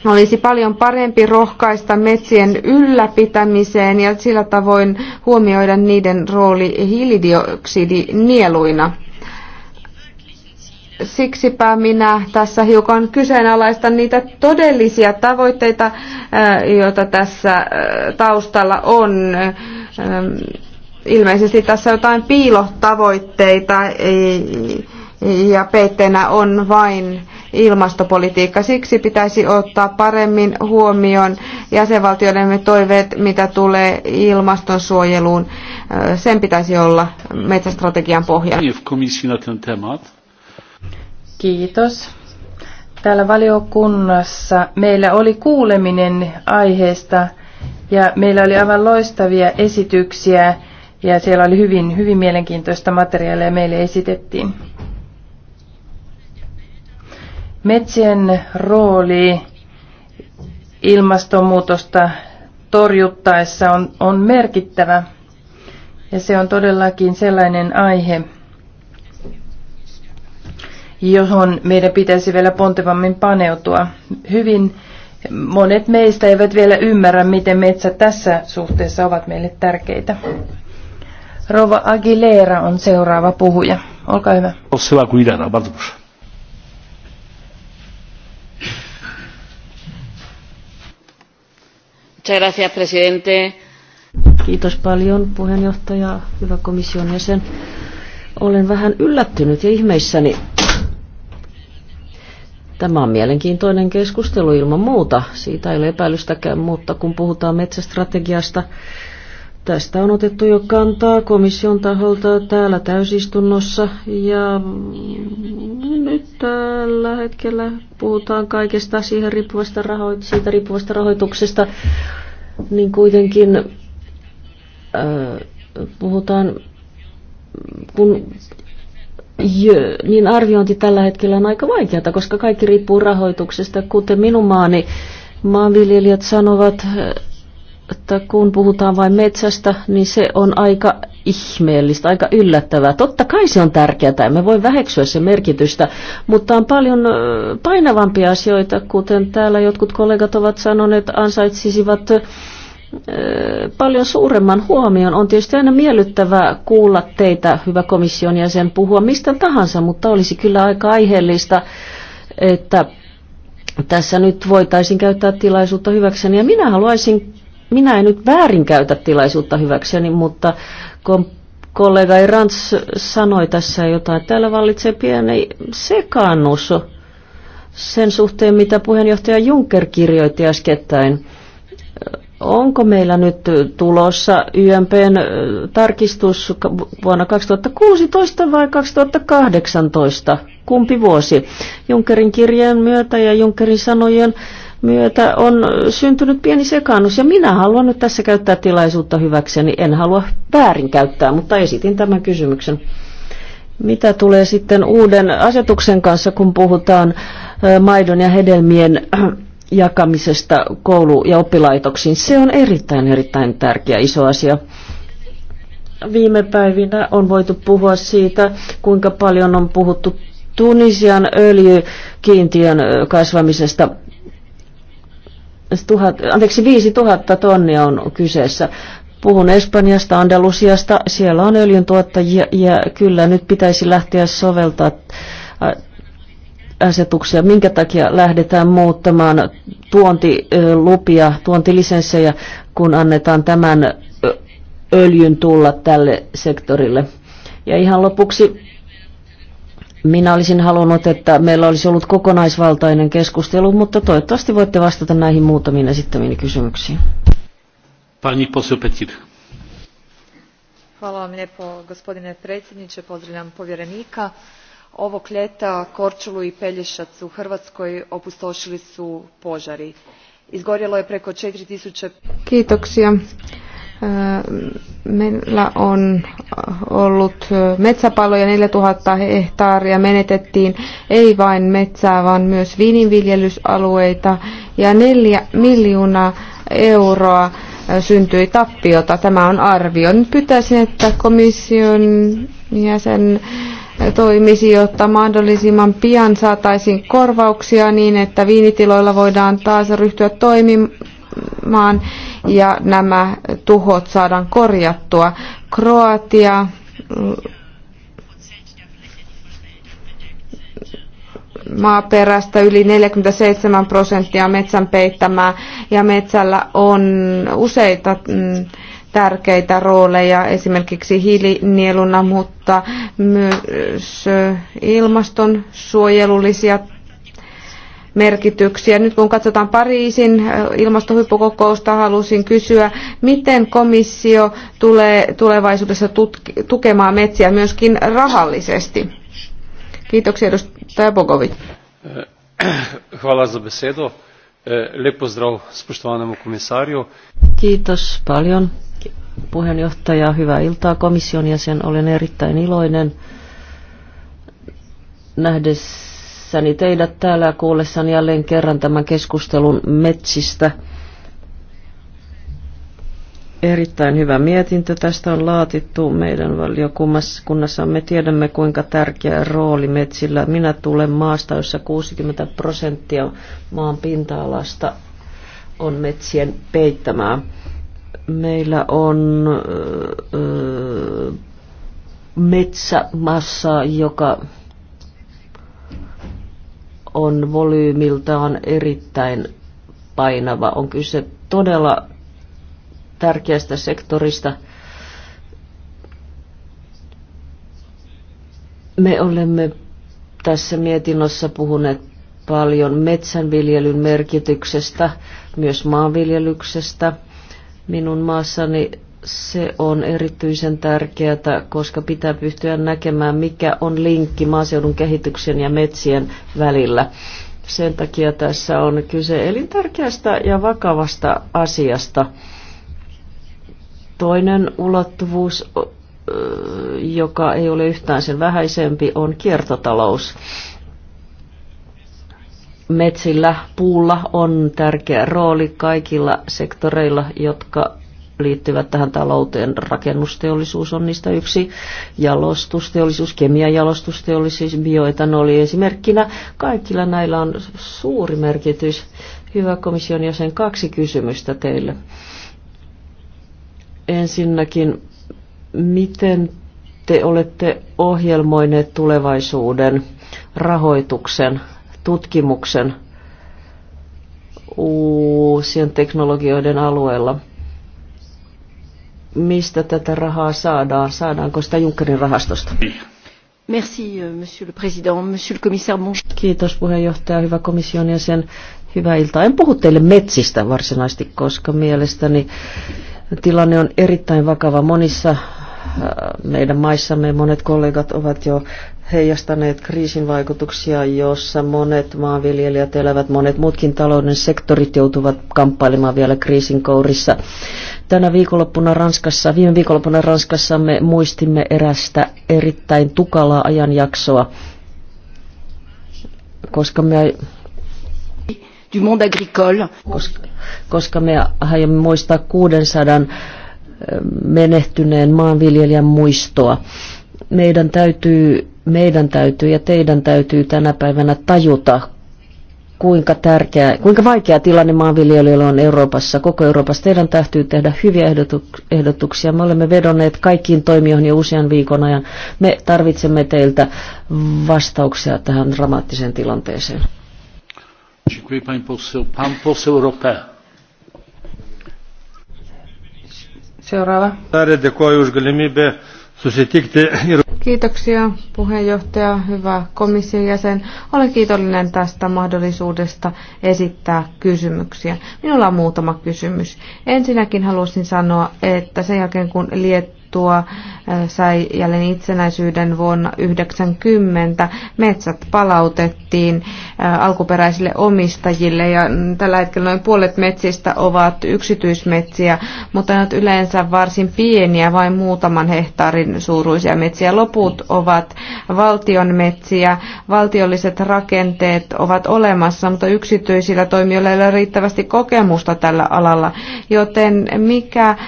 olisi paljon parempi rohkaista metsien ylläpitämiseen ja sillä tavoin huomioida niiden rooli hiilidioksidinieluina. Siksipä minä tässä hiukan kyseenalaistan niitä todellisia tavoitteita, eh, joita tässä eh, taustalla on eh, ilmeisesti tässä jotain piilotavoitteita ja peitteenä on vain ilmastopolitiikka. Siksi pitäisi ottaa paremmin huomioon jäsenvaltioidemme toiveet, mitä tulee ilmastonsuojeluun. Sen pitäisi olla metsästrategian pohja. Kiitos. Täällä valiokunnassa meillä oli kuuleminen aiheesta ja meillä oli aivan loistavia esityksiä ja siellä oli hyvin, hyvin mielenkiintoista materiaalia meille esitettiin. Metsien rooli ilmastonmuutosta torjuttaessa on, on merkittävä ja se on todellakin sellainen aihe, johon meidän pitäisi vielä pontevammin paneutua. Hyvin monet meistä eivät vielä ymmärrä, miten metsät tässä suhteessa ovat meille tärkeitä. Rova Aguilera on seuraava puhuja. Olkaa hyvä. Aguilera, bardzo Gracias, presidente. Kiitos paljon puheenjohtaja, hyvä komission jäsen. Olen vähän yllättynyt ja ihmeissäni. Tämä on mielenkiintoinen keskustelu ilman muuta, siitä ei ole epäilystäkään, mutta kun puhutaan metsästrategiasta, Tästä on otettu jo kantaa komission taholta täällä täysistunnossa ja nyt tällä hetkellä puhutaan kaikesta siihen riippuvasta rahoit- siitä riippuvasta rahoituksesta, niin kuitenkin äh, puhutaan, kun Jö, niin arviointi tällä hetkellä on aika vaikeata, koska kaikki riippuu rahoituksesta. Kuten minun maani maanviljelijät sanovat, että kun puhutaan vain metsästä, niin se on aika ihmeellistä, aika yllättävää. Totta kai se on tärkeää, me voi väheksyä sen merkitystä, mutta on paljon painavampia asioita, kuten täällä jotkut kollegat ovat sanoneet, ansaitsisivat paljon suuremman huomion. On tietysti aina miellyttävää kuulla teitä, hyvä komission jäsen, puhua mistä tahansa, mutta olisi kyllä aika aiheellista, että tässä nyt voitaisiin käyttää tilaisuutta hyväkseni. Ja minä haluaisin minä en nyt väärinkäytä tilaisuutta hyväkseni, mutta kun kollega Irans sanoi tässä jotain, että täällä vallitsee pieni sekaannus sen suhteen, mitä puheenjohtaja Juncker kirjoitti äskettäin. Onko meillä nyt tulossa YMPn tarkistus vuonna 2016 vai 2018? Kumpi vuosi? Junckerin kirjeen myötä ja Junckerin sanojen myötä on syntynyt pieni sekaannus. Ja minä haluan nyt tässä käyttää tilaisuutta hyväkseni. En halua käyttää, mutta esitin tämän kysymyksen. Mitä tulee sitten uuden asetuksen kanssa, kun puhutaan maidon ja hedelmien jakamisesta koulu- ja oppilaitoksiin? Se on erittäin, erittäin tärkeä iso asia viime päivinä on voitu puhua siitä, kuinka paljon on puhuttu Tunisian öljykiintiön kasvamisesta tuhat, anteeksi, 5000 tonnia on kyseessä. Puhun Espanjasta, Andalusiasta, siellä on öljyntuottajia ja kyllä nyt pitäisi lähteä soveltaa äh, asetuksia, minkä takia lähdetään muuttamaan tuontilupia, tuontilisenssejä, kun annetaan tämän öljyn tulla tälle sektorille. Ja ihan lopuksi minä olisin halunnut, että meillä olisi ollut kokonaisvaltainen keskustelu, mutta toivottavasti voitte vastata näihin muutamiin esittämiin kysymyksiin. Pani poseł Petit. Hvala vam lijepo gospodine predsjedniče, pozdravljam povjerenika. Ovog ljeta Korčulu i Pelješac u Hrvatskoj opustošili su požari. Izgorjelo je preko 4000... Kiitoksia. Meillä on ollut metsäpaloja, 4000 hehtaaria menetettiin, ei vain metsää, vaan myös viininviljelysalueita ja 4 miljoonaa euroa syntyi tappiota. Tämä on arvio. Nyt pyytäisin, että komission jäsen toimisi, jotta mahdollisimman pian saataisiin korvauksia niin, että viinitiloilla voidaan taas ryhtyä toimimaan maan ja nämä tuhot saadaan korjattua. Kroatia mm, maaperästä yli 47 prosenttia metsän peittämää ja metsällä on useita mm, tärkeitä rooleja esimerkiksi hiilinieluna, mutta myös ilmaston suojelullisia merkityksiä. Nyt kun katsotaan Pariisin ilmastohuippukokousta, halusin kysyä, miten komissio tulee tulevaisuudessa tutk- tukemaan metsiä myöskin rahallisesti? Kiitoksia edustaja Bogovi. Hvala za besedo. Lep spoštovanemu komisarju. Kiitos paljon puheenjohtaja. Hyvää iltaa komission jäsen. Olen erittäin iloinen nähdessä nähdessäni teidät täällä kuullessani jälleen kerran tämän keskustelun metsistä. Erittäin hyvä mietintö tästä on laatittu meidän valiokunnassa. Me tiedämme, kuinka tärkeä rooli metsillä. Minä tulen maasta, jossa 60 prosenttia maan pinta-alasta on metsien peittämää. Meillä on öö, metsämassa, joka on volyymiltaan erittäin painava. On kyse todella tärkeästä sektorista. Me olemme tässä mietinnössä puhuneet paljon metsänviljelyn merkityksestä, myös maanviljelyksestä. Minun maassani se on erityisen tärkeää, koska pitää pystyä näkemään, mikä on linkki maaseudun kehityksen ja metsien välillä. Sen takia tässä on kyse elintärkeästä ja vakavasta asiasta. Toinen ulottuvuus, joka ei ole yhtään sen vähäisempi, on kiertotalous metsillä, puulla on tärkeä rooli kaikilla sektoreilla, jotka liittyvät tähän talouteen. Rakennusteollisuus on niistä yksi, jalostusteollisuus, kemiajalostusteollisuus, bioetanoli esimerkkinä. Kaikilla näillä on suuri merkitys. Hyvä komission jäsen, kaksi kysymystä teille. Ensinnäkin, miten te olette ohjelmoineet tulevaisuuden rahoituksen, tutkimuksen uusien teknologioiden alueella? mistä tätä rahaa saadaan? Saadaanko sitä Junckerin rahastosta? Merci, euh, monsieur le président, monsieur le commissaire. Bon... Kiitos puheenjohtaja, hyvä komission jäsen. Hyvää iltaa. En puhu teille metsistä varsinaisesti, koska mielestäni tilanne on erittäin vakava monissa äh, meidän maissamme. Monet kollegat ovat jo heijastaneet kriisin vaikutuksia, jossa monet maanviljelijät elävät, monet muutkin talouden sektorit joutuvat kamppailemaan vielä kriisin kourissa. Tänä viikonloppuna Ranskassa, viime viikonloppuna Ranskassa me muistimme erästä erittäin tukalaa ajanjaksoa, koska me du monde agricole. Koska, koska me haluamme muistaa 600 menehtyneen maanviljelijän muistoa. Meidän täytyy, meidän täytyy ja teidän täytyy tänä päivänä tajuta, kuinka, tärkeä, kuinka vaikea tilanne maanviljelijöillä on Euroopassa, koko Euroopassa. Teidän täytyy tehdä hyviä ehdotuksia. Me olemme vedonneet kaikkiin toimijoihin jo usean viikon ajan. Me tarvitsemme teiltä vastauksia tähän dramaattiseen tilanteeseen. Seuraava. Kiitoksia puheenjohtaja, hyvä komission jäsen. Olen kiitollinen tästä mahdollisuudesta esittää kysymyksiä. Minulla on muutama kysymys. Ensinnäkin haluaisin sanoa, että sen jälkeen kun Liet valtuutettua äh, sai jälleen itsenäisyyden vuonna 1990. Metsät palautettiin äh, alkuperäisille omistajille ja tällä hetkellä noin puolet metsistä ovat yksityismetsiä, mutta ne ovat yleensä varsin pieniä, vain muutaman hehtaarin suuruisia metsiä. Loput ovat valtion metsiä, valtiolliset rakenteet ovat olemassa, mutta yksityisillä toimijoilla ei ole riittävästi kokemusta tällä alalla, joten mikä äh,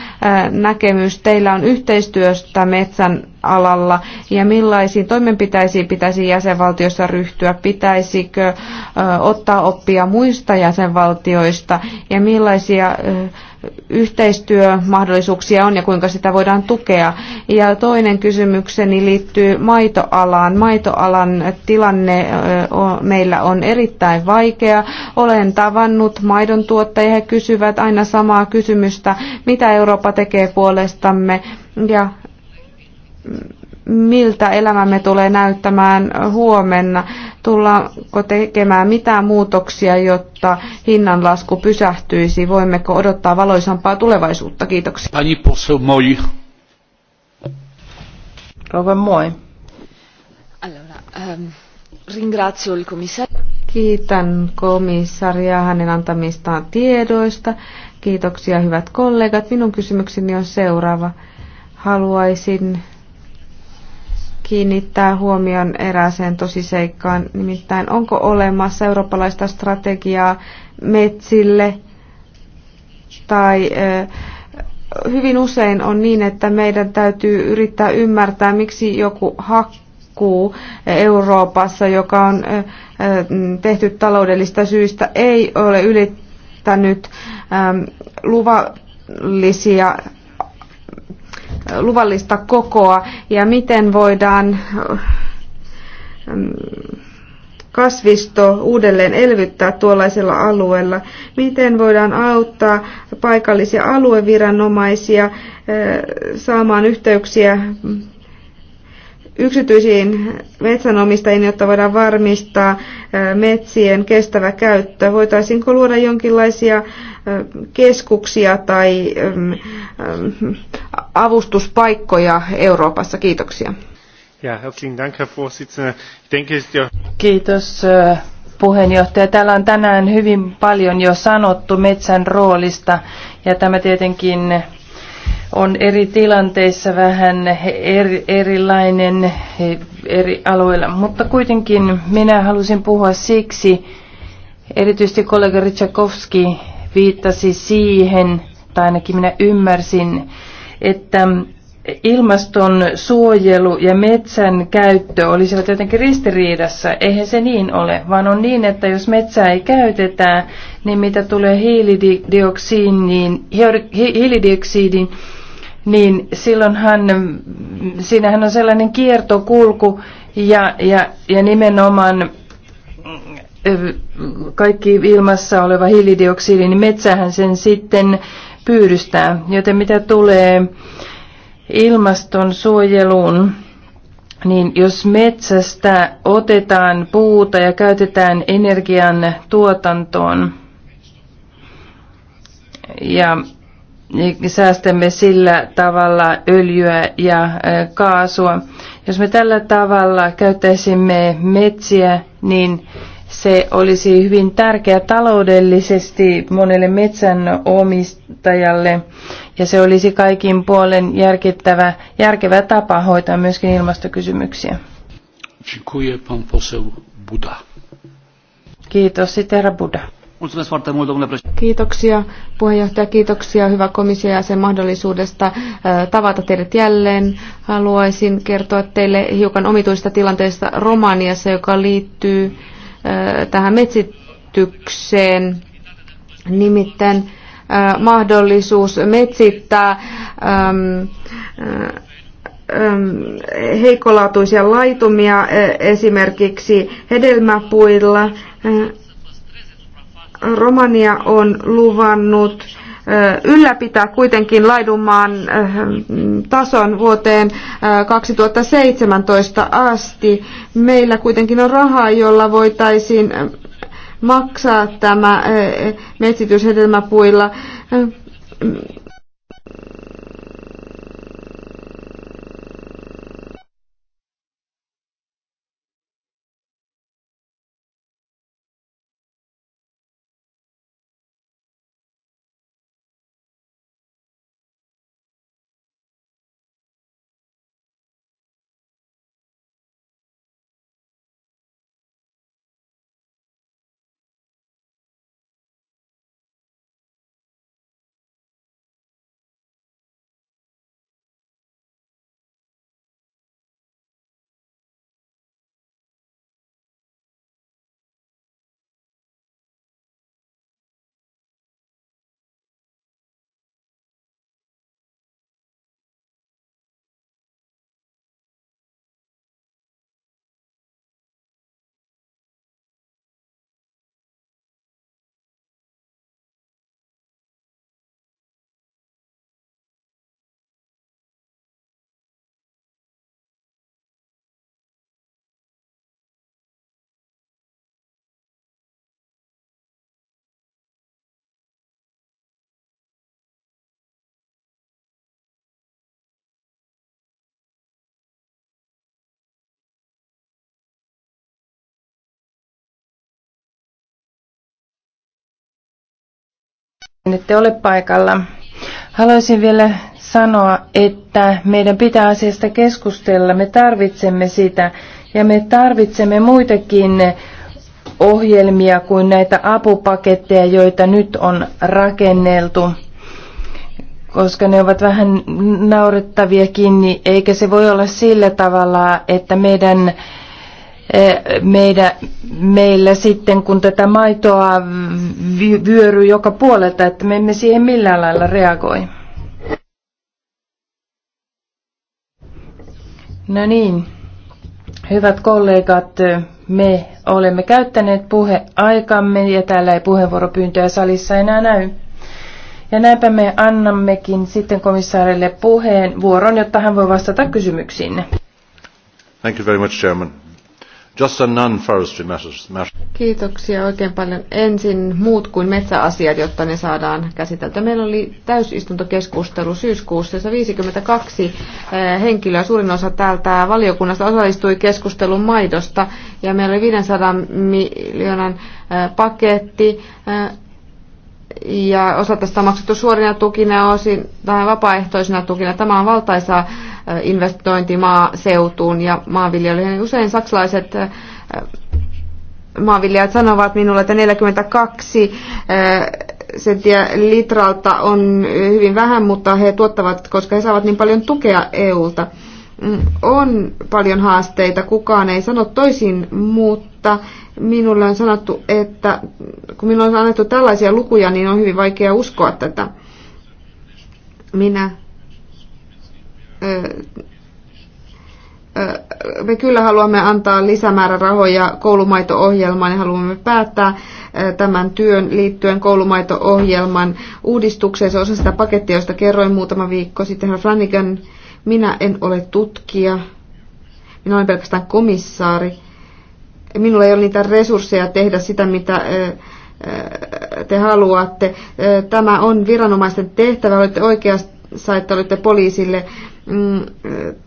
näkemys teillä on yhteistyössä? yhteistyöstä metsän alalla ja millaisiin toimenpiteisiin pitäisi jäsenvaltiossa ryhtyä? Pitäisikö ottaa oppia muista jäsenvaltioista ja millaisia yhteistyömahdollisuuksia on ja kuinka sitä voidaan tukea. Ja toinen kysymykseni liittyy maitoalaan. Maitoalan tilanne meillä on erittäin vaikea. Olen tavannut maidon tuottajia, he kysyvät aina samaa kysymystä, mitä Eurooppa tekee puolestamme ja miltä elämämme tulee näyttämään huomenna. Tullaanko tekemään mitään muutoksia, jotta hinnanlasku pysähtyisi? Voimmeko odottaa valoisampaa tulevaisuutta? Kiitoksia. Pani posso, moi. Rova, moi. Allora, ähm, ringrazio il commissario. Kiitän komissaria hänen antamistaan tiedoista. Kiitoksia hyvät kollegat. Minun kysymykseni on seuraava haluaisin kiinnittää huomion erääseen tosiseikkaan, nimittäin onko olemassa eurooppalaista strategiaa metsille tai hyvin usein on niin, että meidän täytyy yrittää ymmärtää, miksi joku hakkuu Euroopassa, joka on tehty taloudellista syistä, ei ole ylittänyt luvallisia luvallista kokoa ja miten voidaan mm, kasvisto uudelleen elvyttää tuollaisella alueella? Miten voidaan auttaa paikallisia alueviranomaisia eh, saamaan yhteyksiä mm, yksityisiin metsänomistajiin, jotta voidaan varmistaa eh, metsien kestävä käyttö? Voitaisiinko luoda jonkinlaisia eh, keskuksia tai mm, avustuspaikkoja Euroopassa. Kiitoksia. Ja, Dank, Herr denke, Kiitos puheenjohtaja. Täällä on tänään hyvin paljon jo sanottu metsän roolista ja tämä tietenkin on eri tilanteissa vähän eri, erilainen eri alueilla. Mutta kuitenkin minä halusin puhua siksi, erityisesti kollega Ritsakovski viittasi siihen, tai ainakin minä ymmärsin, että ilmaston suojelu ja metsän käyttö olisivat jotenkin ristiriidassa. Eihän se niin ole, vaan on niin, että jos metsää ei käytetä, niin mitä tulee hiilidioksidiin, hiilidioksidiin niin silloinhan siinähän on sellainen kiertokulku ja, ja, ja nimenomaan mm, kaikki ilmassa oleva hiilidioksidi, niin metsähän sen sitten pyydystää. Joten mitä tulee ilmaston suojeluun, niin jos metsästä otetaan puuta ja käytetään energian tuotantoon ja säästämme sillä tavalla öljyä ja äh, kaasua. Jos me tällä tavalla käyttäisimme metsiä, niin se olisi hyvin tärkeä taloudellisesti monelle metsänomistajalle ja se olisi kaikin puolen järkittävä, järkevä tapa hoitaa myöskin ilmastokysymyksiä. Dziękuję, pan poseł Buda. Kiitos, herra Buda. Kiitoksia puheenjohtaja, kiitoksia hyvä komissio ja sen mahdollisuudesta tavata teidät jälleen. Haluaisin kertoa teille hiukan omituista tilanteesta Romaniassa, joka liittyy tähän metsitykseen. Nimittäin mahdollisuus metsittää heikolaatuisia laitumia e, esimerkiksi hedelmäpuilla. Romania on luvannut ylläpitää kuitenkin laidunmaan tason vuoteen 2017 asti. Meillä kuitenkin on rahaa, jolla voitaisiin maksaa tämä metsityshedelmäpuilla ette ole paikalla. Haluaisin vielä sanoa, että meidän pitää asiasta keskustella. Me tarvitsemme sitä ja me tarvitsemme muitakin ohjelmia kuin näitä apupaketteja, joita nyt on rakenneltu, koska ne ovat vähän naurettaviakin, niin eikä se voi olla sillä tavalla, että meidän meidän, meillä sitten, kun tätä maitoa vyöryy joka puolelta, että me emme siihen millään lailla reagoi. No niin, hyvät kollegat, me olemme käyttäneet puheaikamme ja täällä ei puheenvuoropyyntöjä salissa enää näy. Ja näinpä me annammekin sitten komissaarille puheenvuoron, jotta hän voi vastata kysymyksiinne. Thank you very much, Chairman. Just non-forestry matters. Kiitoksia oikein paljon. Ensin muut kuin metsäasiat, jotta ne saadaan käsiteltyä. Meillä oli täysistuntokeskustelu syyskuussa, jossa 52 eh, henkilöä, suurin osa täältä valiokunnasta osallistui keskustelun maidosta. Ja meillä oli 500 miljoonan eh, paketti eh, ja osa tästä on maksettu suorina tukina ja osin tai vapaaehtoisina tukina. Tämä on valtaisa investointi maaseutuun ja maanviljelijöihin. Usein saksalaiset maanviljelijät sanovat minulle, että 42 senttiä litralta on hyvin vähän, mutta he tuottavat, koska he saavat niin paljon tukea EUlta on paljon haasteita, kukaan ei sano toisin, mutta minulle on sanottu, että kun minulle on annettu tällaisia lukuja, niin on hyvin vaikea uskoa tätä. Minä me kyllä haluamme antaa lisämäärärahoja koulumaito-ohjelmaan ja haluamme päättää tämän työn liittyen koulumaito-ohjelman uudistukseen. Se osa sitä pakettia, josta kerroin muutama viikko sitten. Herra Flanagan minä en ole tutkija, minä olen pelkästään komissaari. Minulla ei ole niitä resursseja tehdä sitä, mitä te haluatte. Tämä on viranomaisten tehtävä, olette oikeassa, että olette poliisille mm,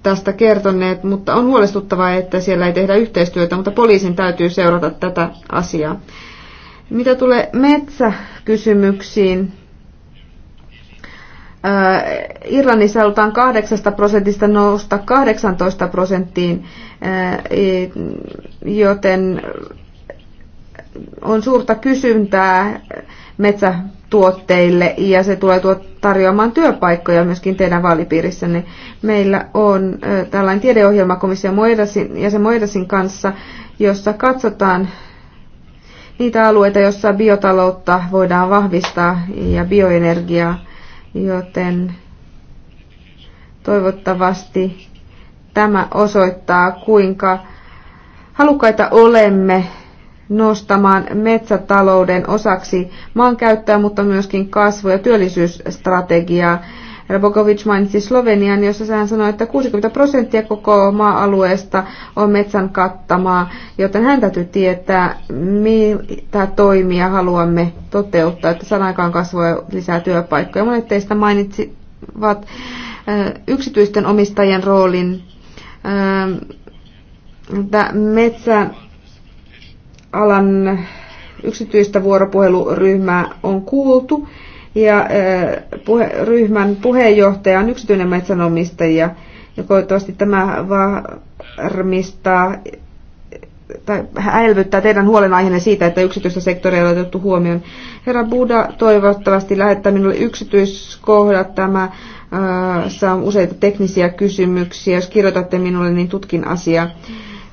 tästä kertoneet, mutta on huolestuttavaa, että siellä ei tehdä yhteistyötä, mutta poliisin täytyy seurata tätä asiaa. Mitä tulee metsäkysymyksiin, Äh, Irlannissa halutaan 8 prosentista nousta 18 prosenttiin, äh, joten on suurta kysyntää metsätuotteille ja se tulee tarjoamaan työpaikkoja myöskin teidän vaalipiirissänne. Meillä on äh, tällainen tiedeohjelma komission ja sen Moedasin kanssa, jossa katsotaan niitä alueita, joissa biotaloutta voidaan vahvistaa ja bioenergiaa joten toivottavasti tämä osoittaa, kuinka halukkaita olemme nostamaan metsätalouden osaksi maankäyttöä, mutta myöskin kasvu- ja työllisyysstrategiaa. Herra Bogovic mainitsi Slovenian, jossa hän sanoi, että 60 prosenttia koko maa-alueesta on metsän kattamaa, joten hän täytyy tietää, mitä toimia haluamme toteuttaa, että saadaan aikaan lisää työpaikkoja. Monet teistä mainitsivat äh, yksityisten omistajien roolin äh, metsäalan yksityistä vuoropuheluryhmää on kuultu ja puhe, ryhmän puheenjohtaja on yksityinen metsänomistaja. Ja toivottavasti tämä varmistaa tai häilyttää teidän huolenaiheenne siitä, että yksityistä sektoria on otettu huomioon. Herra Buda toivottavasti lähettää minulle yksityiskohdat. Tämä ää, saa useita teknisiä kysymyksiä. Jos kirjoitatte minulle, niin tutkin asiaa.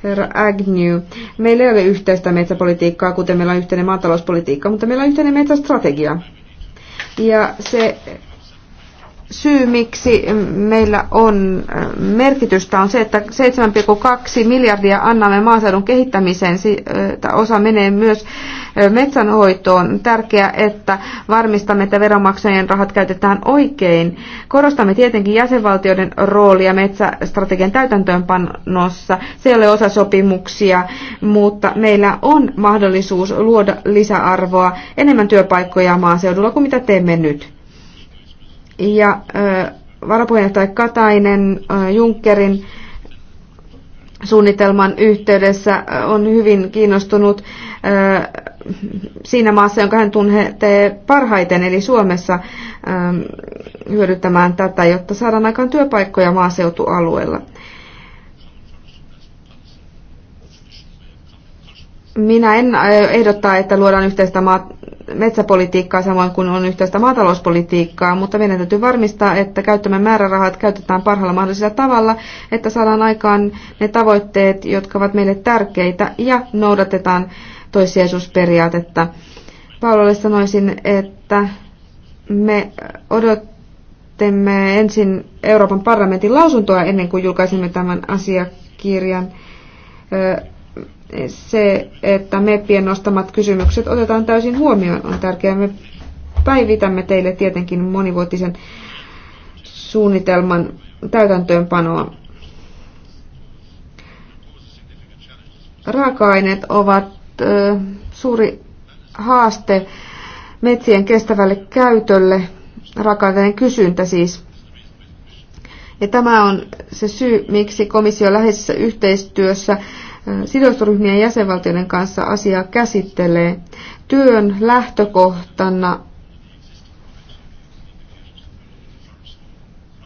Herra Agnew, meillä ei ole yhteistä metsäpolitiikkaa, kuten meillä on yhteinen maatalouspolitiikka, mutta meillä on yhteinen metsästrategia ja se syy, miksi meillä on äh, merkitystä, on se, että 7,2 miljardia annamme maaseudun kehittämiseen. Äh, osa menee myös äh, metsänhoitoon. tärkeää, että varmistamme, että veronmaksajien rahat käytetään oikein. Korostamme tietenkin jäsenvaltioiden roolia metsästrategian täytäntöönpanossa. Se ei ole osa sopimuksia, mutta meillä on mahdollisuus luoda lisäarvoa enemmän työpaikkoja maaseudulla kuin mitä teemme nyt ja varapuheenjohtaja Katainen Junckerin suunnitelman yhteydessä on hyvin kiinnostunut siinä maassa, jonka hän tuntee parhaiten, eli Suomessa hyödyttämään tätä, jotta saadaan aikaan työpaikkoja maaseutualueella. Minä en ehdottaa, että luodaan yhteistä metsäpolitiikkaa samoin kuin on yhteistä maatalouspolitiikkaa, mutta meidän täytyy varmistaa, että käyttämän määrärahat käytetään parhaalla mahdollisella tavalla, että saadaan aikaan ne tavoitteet, jotka ovat meille tärkeitä ja noudatetaan toissijaisuusperiaatetta. Paololle sanoisin, että me odottemme ensin Euroopan parlamentin lausuntoa ennen kuin julkaisimme tämän asiakirjan se, että meppien nostamat kysymykset otetaan täysin huomioon, on tärkeää. Me päivitämme teille tietenkin monivuotisen suunnitelman täytäntöönpanoa. Raaka-aineet ovat ö, suuri haaste metsien kestävälle käytölle, raaka kysyntä siis. Ja tämä on se syy, miksi komissio läheisessä yhteistyössä Äh, sidosryhmien jäsenvaltioiden kanssa asiaa käsittelee. Työn lähtökohtana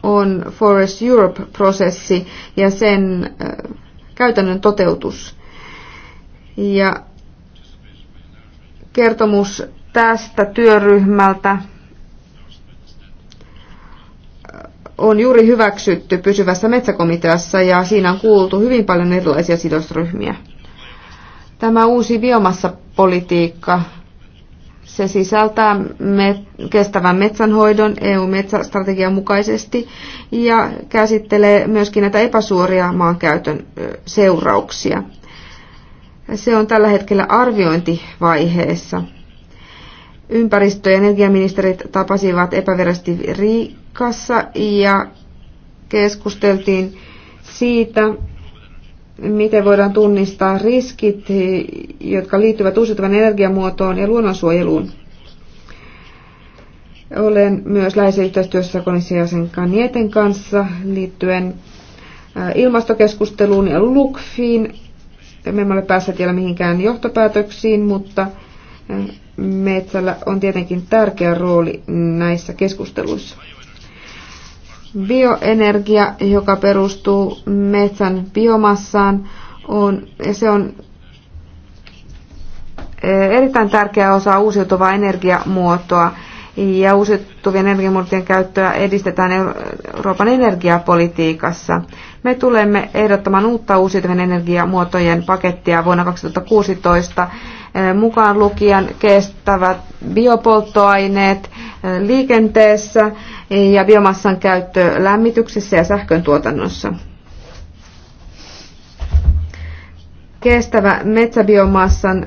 on Forest Europe-prosessi ja sen äh, käytännön toteutus. Ja kertomus tästä työryhmältä on juuri hyväksytty pysyvässä metsäkomiteassa ja siinä on kuultu hyvin paljon erilaisia sidosryhmiä. Tämä uusi biomassapolitiikka, se sisältää kestävän metsänhoidon EU-metsästrategian mukaisesti ja käsittelee myöskin näitä epäsuoria maankäytön seurauksia. Se on tällä hetkellä arviointivaiheessa. Ympäristö- ja energiaministerit tapasivat epävirallisesti Riikassa ja keskusteltiin siitä, miten voidaan tunnistaa riskit, jotka liittyvät uusiutuvan energiamuotoon ja luonnonsuojeluun. Olen myös läheisessä yhteistyössä komission jäsen Kanieten kanssa liittyen äh, ilmastokeskusteluun ja LUKFiin. Me emme ole päässeet vielä mihinkään johtopäätöksiin, mutta äh, metsällä on tietenkin tärkeä rooli näissä keskusteluissa. Bioenergia, joka perustuu metsän biomassaan, on, ja se on eh, erittäin tärkeä osa uusiutuvaa energiamuotoa ja uusiutuvien energiamurtien käyttöä edistetään Euroopan energiapolitiikassa. Me tulemme ehdottamaan uutta uusiutuvien energiamuotojen pakettia vuonna 2016 eh, mukaan lukien kestävät biopolttoaineet eh, liikenteessä ja biomassan käyttö lämmityksessä ja sähkön tuotannossa. Kestävä metsäbiomassan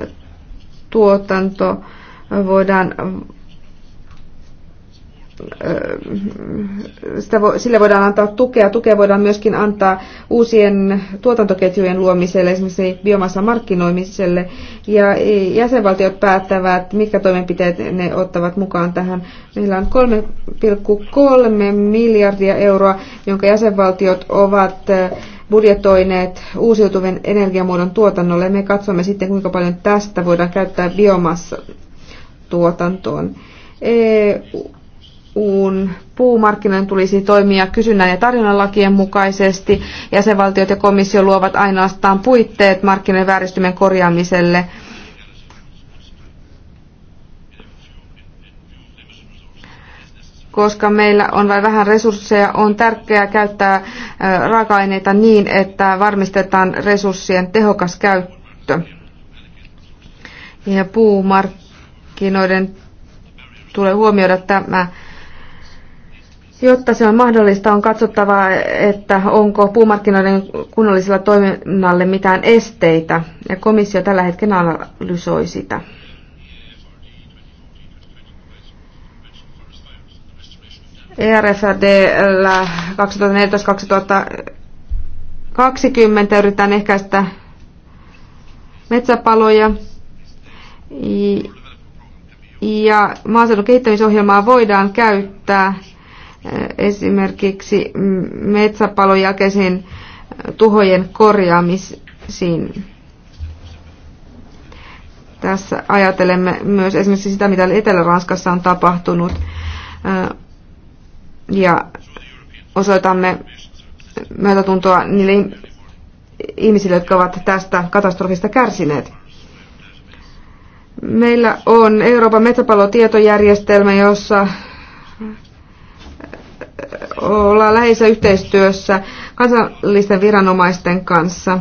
tuotanto voidaan sitä vo, sille voidaan antaa tukea. Tukea voidaan myöskin antaa uusien tuotantoketjujen luomiselle, esimerkiksi biomassa markkinoimiselle. Ja jäsenvaltiot päättävät, mitkä toimenpiteet ne ottavat mukaan tähän. Meillä on 3,3 miljardia euroa, jonka jäsenvaltiot ovat budjetoineet uusiutuvan energiamuodon tuotannolle. Me katsomme sitten, kuinka paljon tästä voidaan käyttää biomassa tuotantoon. E, EUn puumarkkinoiden tulisi toimia kysynnän ja tarjonnan lakien mukaisesti. Jäsenvaltiot ja komissio luovat ainoastaan puitteet markkinoiden vääristymien korjaamiselle. koska meillä on vain vähän resursseja, on tärkeää käyttää raaka-aineita niin, että varmistetaan resurssien tehokas käyttö. Ja puumarkkinoiden tulee huomioida tämä Jotta se on mahdollista, on katsottava, että onko puumarkkinoiden kunnollisella toiminnalle mitään esteitä, ja komissio tällä hetkellä analysoi sitä. ERFD 2014-2020 yritetään ehkäistä metsäpaloja. Ja maaseudun kehittämisohjelmaa voidaan käyttää esimerkiksi metsäpalon tuhojen korjaamisiin. Tässä ajatelemme myös esimerkiksi sitä, mitä Etelä-Ranskassa on tapahtunut. Ja osoitamme myötätuntoa niille ihmisille, jotka ovat tästä katastrofista kärsineet. Meillä on Euroopan metsäpalotietojärjestelmä, jossa olla läheisessä yhteistyössä kansallisten viranomaisten kanssa.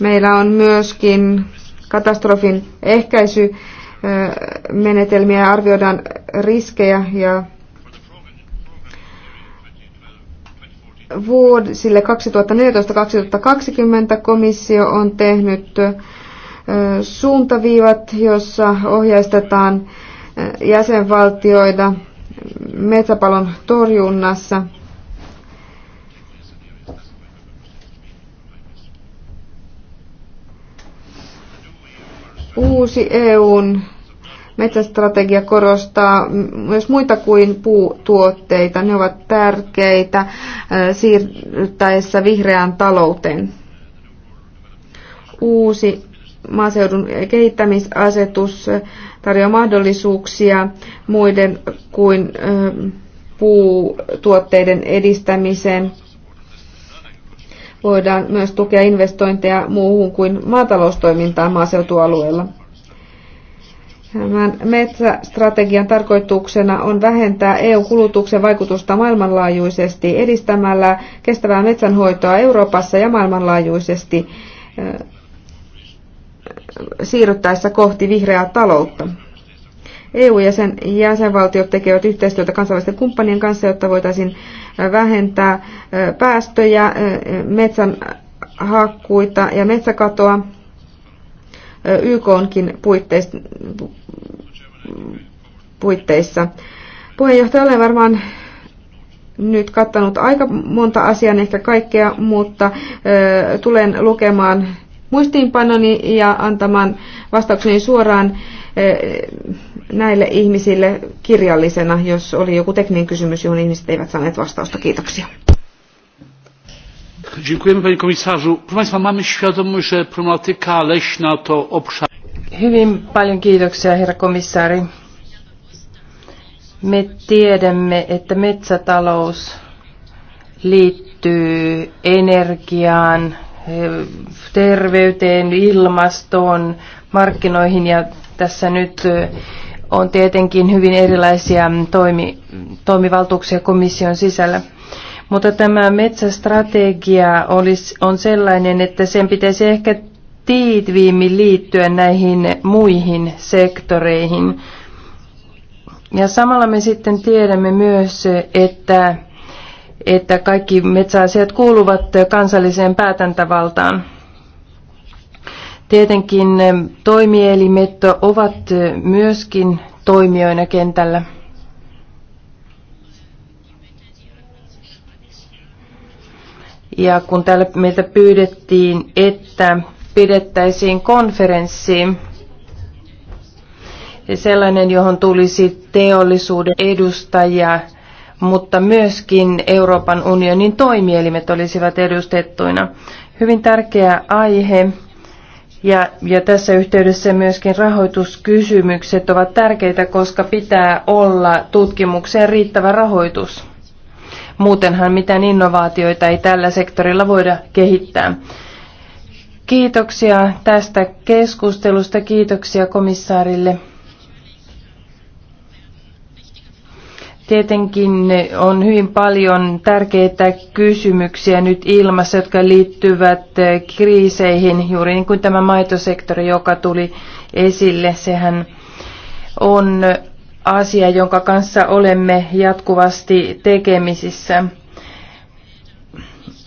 Meillä on myöskin katastrofin ehkäisymenetelmiä ja arvioidaan riskejä ja vuosille 2014-2020 komissio on tehnyt suuntaviivat, jossa ohjeistetaan jäsenvaltioita metsäpalon torjunnassa. Uusi EUn metsästrategia korostaa myös muita kuin puutuotteita. Ne ovat tärkeitä äh, siirtäessä vihreään talouteen. Uusi maaseudun kehittämisasetus tarjoaa mahdollisuuksia muiden kuin puutuotteiden edistämiseen. Voidaan myös tukea investointeja muuhun kuin maataloustoimintaan maaseutualueella. Tämän metsästrategian tarkoituksena on vähentää EU-kulutuksen vaikutusta maailmanlaajuisesti edistämällä kestävää metsänhoitoa Euroopassa ja maailmanlaajuisesti siirryttäessä kohti vihreää taloutta. EU ja sen jäsenvaltiot tekevät yhteistyötä kansainvälisten kumppanien kanssa, jotta voitaisiin vähentää päästöjä, metsän hakkuita ja metsäkatoa YKonkin puitteissa. Puheenjohtaja olen varmaan nyt kattanut aika monta asiaa, ehkä kaikkea, mutta tulen lukemaan muistiinpanoni ja antamaan vastaukseni suoraan eh, näille ihmisille kirjallisena, jos oli joku tekninen kysymys, johon ihmiset eivät saaneet vastausta. Kiitoksia. Dziękujemy panie komisarzu. Proszę państwa, mamy świadomość, że problematyka leśna to obszar... Hyvin paljon kiitoksia, herra komissaari. Me tiedämme, että metsätalous liittyy energiaan, Eh, terveyteen, ilmastoon, markkinoihin ja tässä nyt eh, on tietenkin hyvin erilaisia mm, toimi, toimivaltuuksia komission sisällä. Mutta tämä metsästrategia olisi, on sellainen, että sen pitäisi ehkä tiitviimmin liittyä näihin muihin sektoreihin. Ja samalla me sitten tiedämme myös, että että kaikki metsäasiat kuuluvat kansalliseen päätäntävaltaan. Tietenkin toimielimet ovat myöskin toimijoina kentällä. Ja kun täällä meiltä pyydettiin, että pidettäisiin konferenssi, sellainen, johon tulisi teollisuuden edustajia, mutta myöskin Euroopan unionin toimielimet olisivat edustettuina. Hyvin tärkeä aihe. Ja, ja tässä yhteydessä myöskin rahoituskysymykset ovat tärkeitä, koska pitää olla tutkimukseen riittävä rahoitus. Muutenhan mitään innovaatioita ei tällä sektorilla voida kehittää. Kiitoksia tästä keskustelusta, kiitoksia komissaarille. Tietenkin on hyvin paljon tärkeitä kysymyksiä nyt ilmassa, jotka liittyvät kriiseihin, juuri niin kuin tämä maitosektori, joka tuli esille. Sehän on asia, jonka kanssa olemme jatkuvasti tekemisissä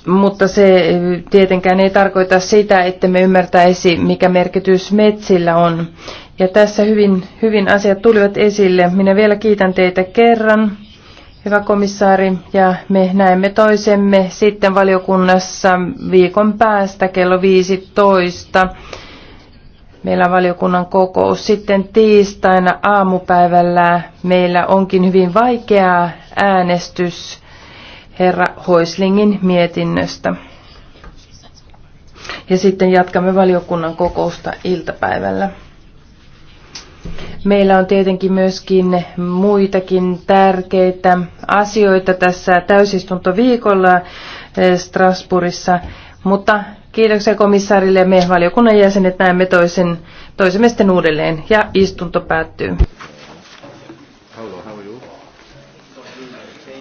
mutta se eh, tietenkään ei tarkoita sitä, että me ymmärtäisi, mikä merkitys metsillä on. Ja tässä hyvin, hyvin asiat tulivat esille. Minä vielä kiitän teitä kerran, hyvä komissaari, ja me näemme toisemme sitten valiokunnassa viikon päästä kello 15. Meillä on valiokunnan kokous sitten tiistaina aamupäivällä. Meillä onkin hyvin vaikea äänestys herra Hoislingin mietinnöstä. Ja sitten jatkamme valiokunnan kokousta iltapäivällä. Meillä on tietenkin myöskin muitakin tärkeitä asioita tässä täysistuntoviikolla eh, Strasbourgissa, mutta kiitoksia komissaarille me valiokunnan jäsenet näemme toisen, toisemme sitten uudelleen ja istunto päättyy.